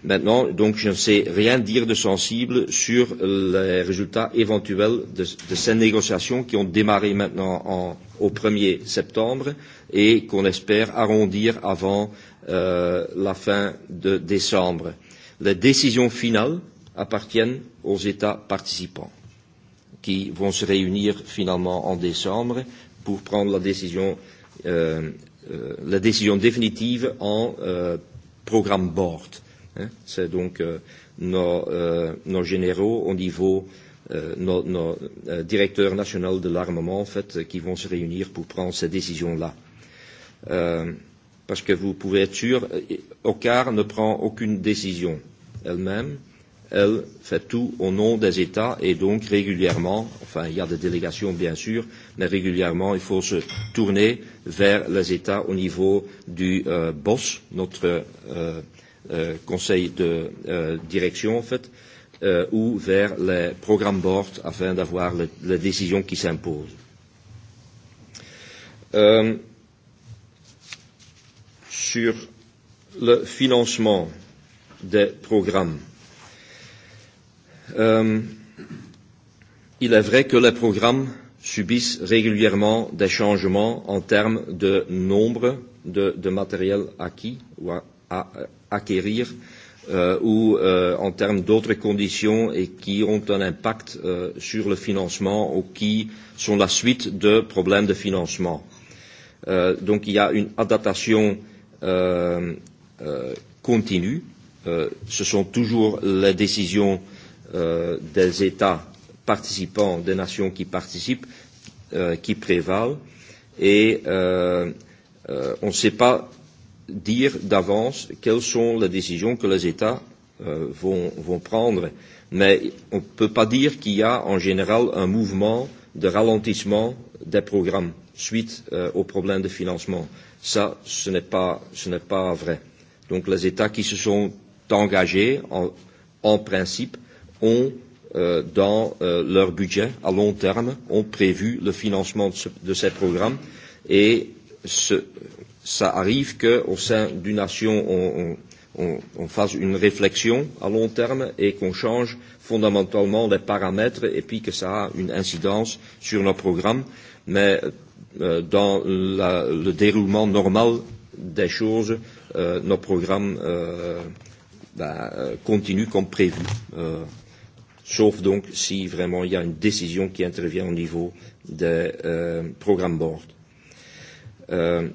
Maintenant, donc, je ne sais rien dire de sensible sur les résultats éventuels de, de ces négociations qui ont démarré maintenant en, au 1er septembre et qu'on espère arrondir avant euh, la fin de décembre. Les décisions finales appartiennent aux États participants qui vont se réunir finalement en décembre pour prendre la décision, euh, euh, la décision définitive en euh, programme board. Hein. C'est donc euh, nos, euh, nos généraux au niveau, euh, nos, nos euh, directeurs nationaux de l'armement, en fait, qui vont se réunir pour prendre ces décisions-là. Euh, parce que vous pouvez être sûr, euh, OCAR ne prend aucune décision elle-même. Elle fait tout au nom des États et donc régulièrement, enfin il y a des délégations bien sûr, mais régulièrement il faut se tourner vers les États au niveau du euh, BOSS, notre euh, euh, conseil de euh, direction, en fait, euh, ou vers les programmes board afin d'avoir la décision qui s'impose. Euh, sur le financement des programmes. Euh, il est vrai que les programmes subissent régulièrement des changements en termes de nombre de, de matériel acquis ou à, à, acquérir euh, ou euh, en termes d'autres conditions et qui ont un impact euh, sur le financement ou qui sont la suite de problèmes de financement. Euh, donc il y a une adaptation euh, euh, continue. Euh, ce sont toujours les décisions euh, des États participants, des nations qui participent, euh, qui prévalent. Et euh, euh, on ne sait pas dire d'avance quelles sont les décisions que les États euh, vont, vont prendre. Mais on ne peut pas dire qu'il y a en général un mouvement de ralentissement des programmes suite euh, aux problèmes de financement. Ça, ce n'est pas, ce pas vrai. Donc les États qui se sont engagés, en, en principe, ont euh, dans euh, leur budget à long terme, ont prévu le financement de, ce, de ces programmes et ce, ça arrive qu'au sein d'une nation, on, on, on, on fasse une réflexion à long terme et qu'on change fondamentalement les paramètres et puis que ça a une incidence sur nos programmes. Mais euh, dans la, le déroulement normal des choses, euh, nos programmes euh, bah, euh, continuent comme prévu. Euh, sauf donc si vraiment il y a une décision qui intervient au niveau des euh, programmes board. Euh,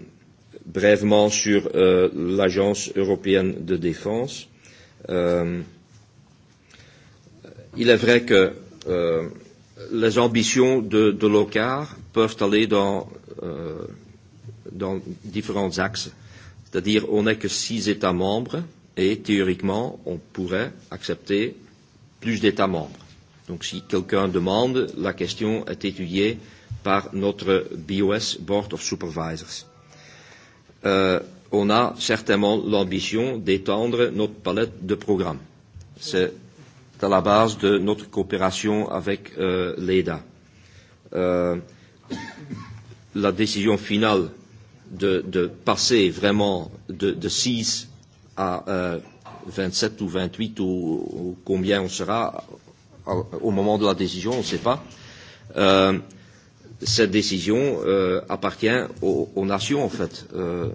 brèvement sur euh, l'Agence européenne de défense. Euh, il est vrai que euh, les ambitions de, de l'OCAR peuvent aller dans, euh, dans différents axes. C'est-à-dire, on n'est que six États membres et théoriquement, on pourrait accepter plus d'États membres. Donc, si quelqu'un demande, la question est étudiée par notre BOS, Board of Supervisors euh, on a certainement l'ambition d'étendre notre palette de programmes. C'est à la base de notre coopération avec euh, l'EDA. Euh, la décision finale de, de passer vraiment de, de 6 à euh, 27 ou 28 ou, ou combien on sera euh, au moment de la décision, on ne sait pas. Euh, cette décision euh, appartient aux, aux nations, en fait. Euh,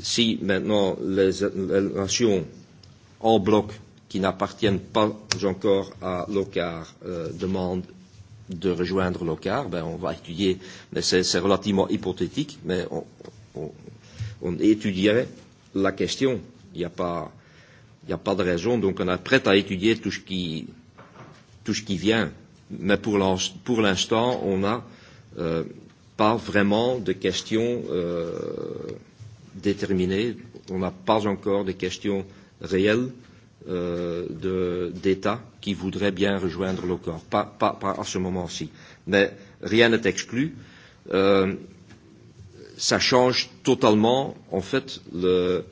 si maintenant les, les nations en bloc qui n'appartiennent pas encore à l'OCAR euh, demandent de rejoindre l'OCAR, ben on va étudier, mais c'est relativement hypothétique, mais on, on, on étudierait la question. Il n'y a, pas, a pas de raison, donc on est prêt à étudier tout ce qui, tout ce qui vient. Mais pour l'instant, on a Euh, pas vraiment de questions euh, déterminées. On n'a pas encore de questions réelles euh, d'États qui voudraient bien rejoindre le corps. Pas, pas, pas à ce moment-ci. Mais rien n'est exclu. Euh, ça change totalement, en fait, le,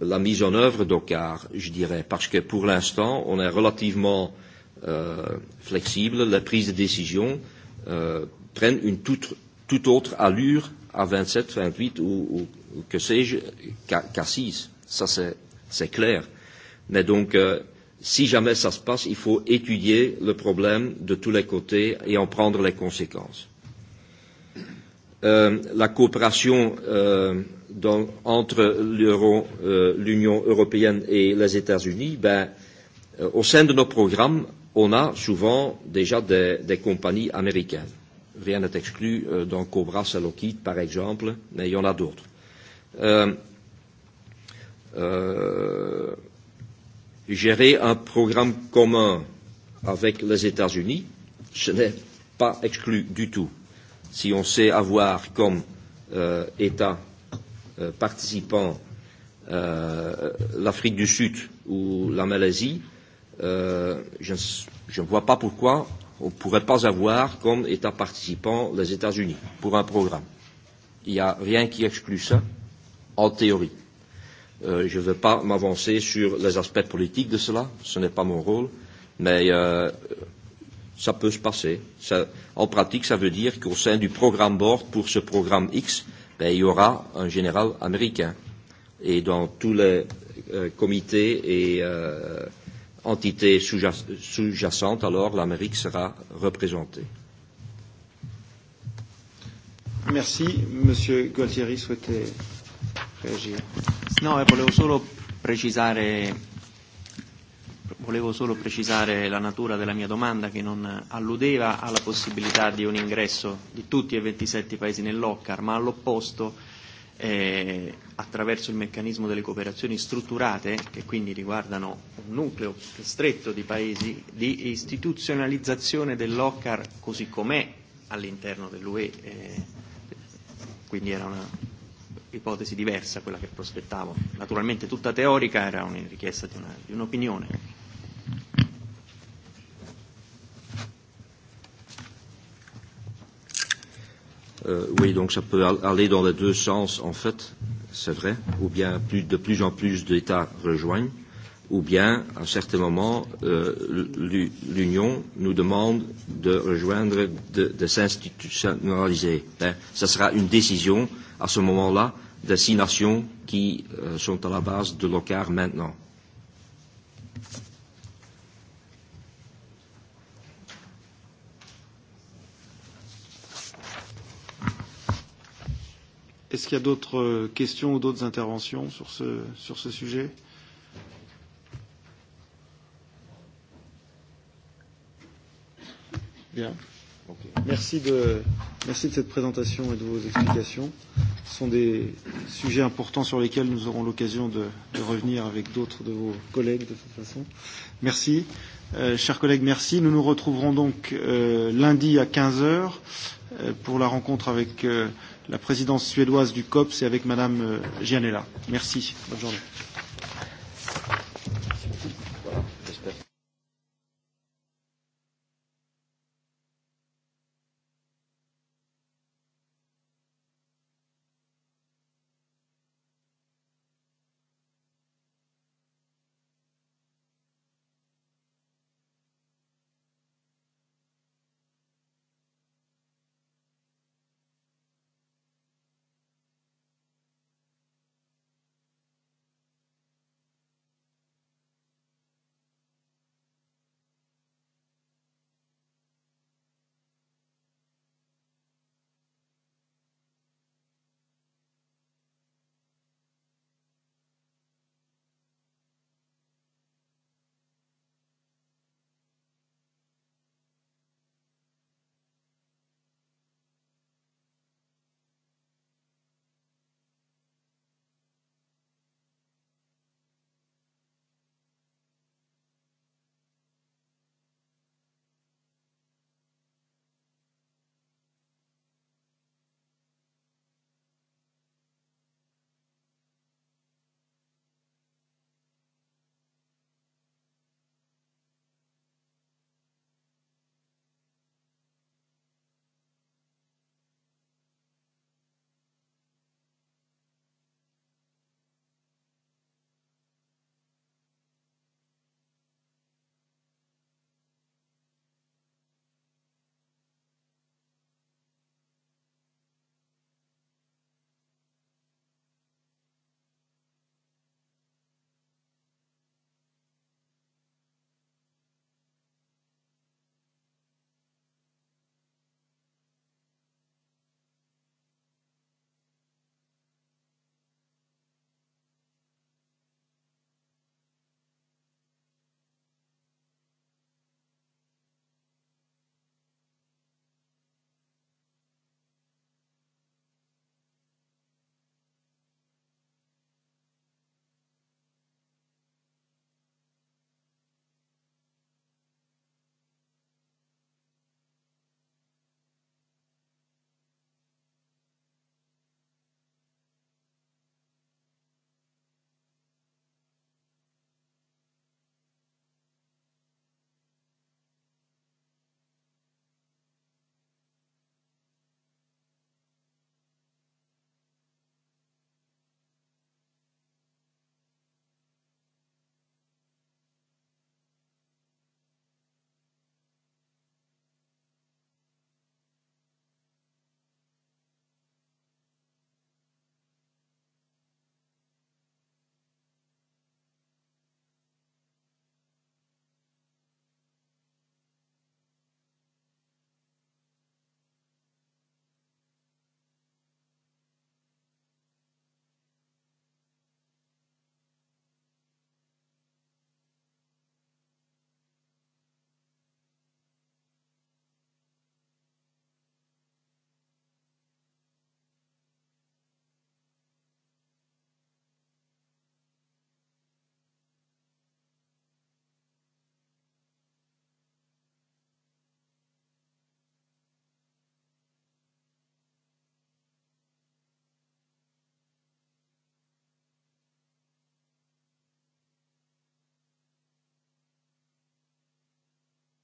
la mise en œuvre d'OCAR, je dirais, parce que pour l'instant, on est relativement euh, flexible. La prise de décision euh, prennent une toute, toute autre allure à 27, 28 ou, ou, ou que sais-je qu'à qu 6. Ça, c'est clair. Mais donc, euh, si jamais ça se passe, il faut étudier le problème de tous les côtés et en prendre les conséquences. Euh, la coopération euh, dans, entre euh, l'Union euh, européenne et les États-Unis, ben, euh, au sein de nos programmes, on a souvent déjà des, des compagnies américaines rien n'est exclu euh, dans Cobra Salokit, par exemple, mais il y en a d'autres. Euh, euh, gérer un programme commun avec les États-Unis, ce n'est pas exclu du tout. Si on sait avoir comme euh, État euh, participant euh, l'Afrique du Sud ou la Malaisie, euh, je, je ne vois pas pourquoi on ne pourrait pas avoir comme État participant les États-Unis pour un programme. Il n'y a rien qui exclut ça, en théorie. Euh, je ne veux pas m'avancer sur les aspects politiques de cela, ce n'est pas mon rôle, mais euh, ça peut se passer. Ça, en pratique, ça veut dire qu'au sein du programme BORD pour ce programme X, ben, il y aura un général américain. Et dans tous les euh, comités et euh, entité sous-jacente, sous alors l'Amérique sera représentée. Merci. Monsieur Gualtieri souhaitait réagir. Non, je eh, voulais solo préciser. volevo solo precisare la natura della mia domanda che non alludeva alla possibilità di un ingresso di tutti e 27 paesi nell'OCCAR, ma all'opposto eh, attraverso il meccanismo delle cooperazioni strutturate, che quindi riguardano un nucleo stretto di paesi, di istituzionalizzazione dell'OCCAR così com'è all'interno dell'UE. Eh, quindi era una ipotesi diversa quella che prospettavo. Naturalmente tutta teorica, era una richiesta di, una, di un'opinione. Euh, oui, donc ça peut aller dans les deux sens, en fait, c'est vrai, ou bien plus, de plus en plus d'États rejoignent, ou bien, à certains moments, euh, l'Union nous demande de rejoindre, de, de s'institutionnaliser. Hein. Ça sera une décision, à ce moment-là, des six nations qui euh, sont à la base de l'OCAR maintenant. Est-ce qu'il y a d'autres euh, questions ou d'autres interventions sur ce, sur ce sujet Bien. Okay. Merci, de, merci de cette présentation et de vos explications. Ce sont des sujets importants sur lesquels nous aurons l'occasion de, de revenir avec d'autres de vos collègues de toute façon. Merci. Euh, chers collègues, merci. Nous nous retrouverons donc euh, lundi à 15h euh, pour la rencontre avec. Euh, la présidence suédoise du COPS et avec Madame euh, Gianella. Merci. Bonne journée.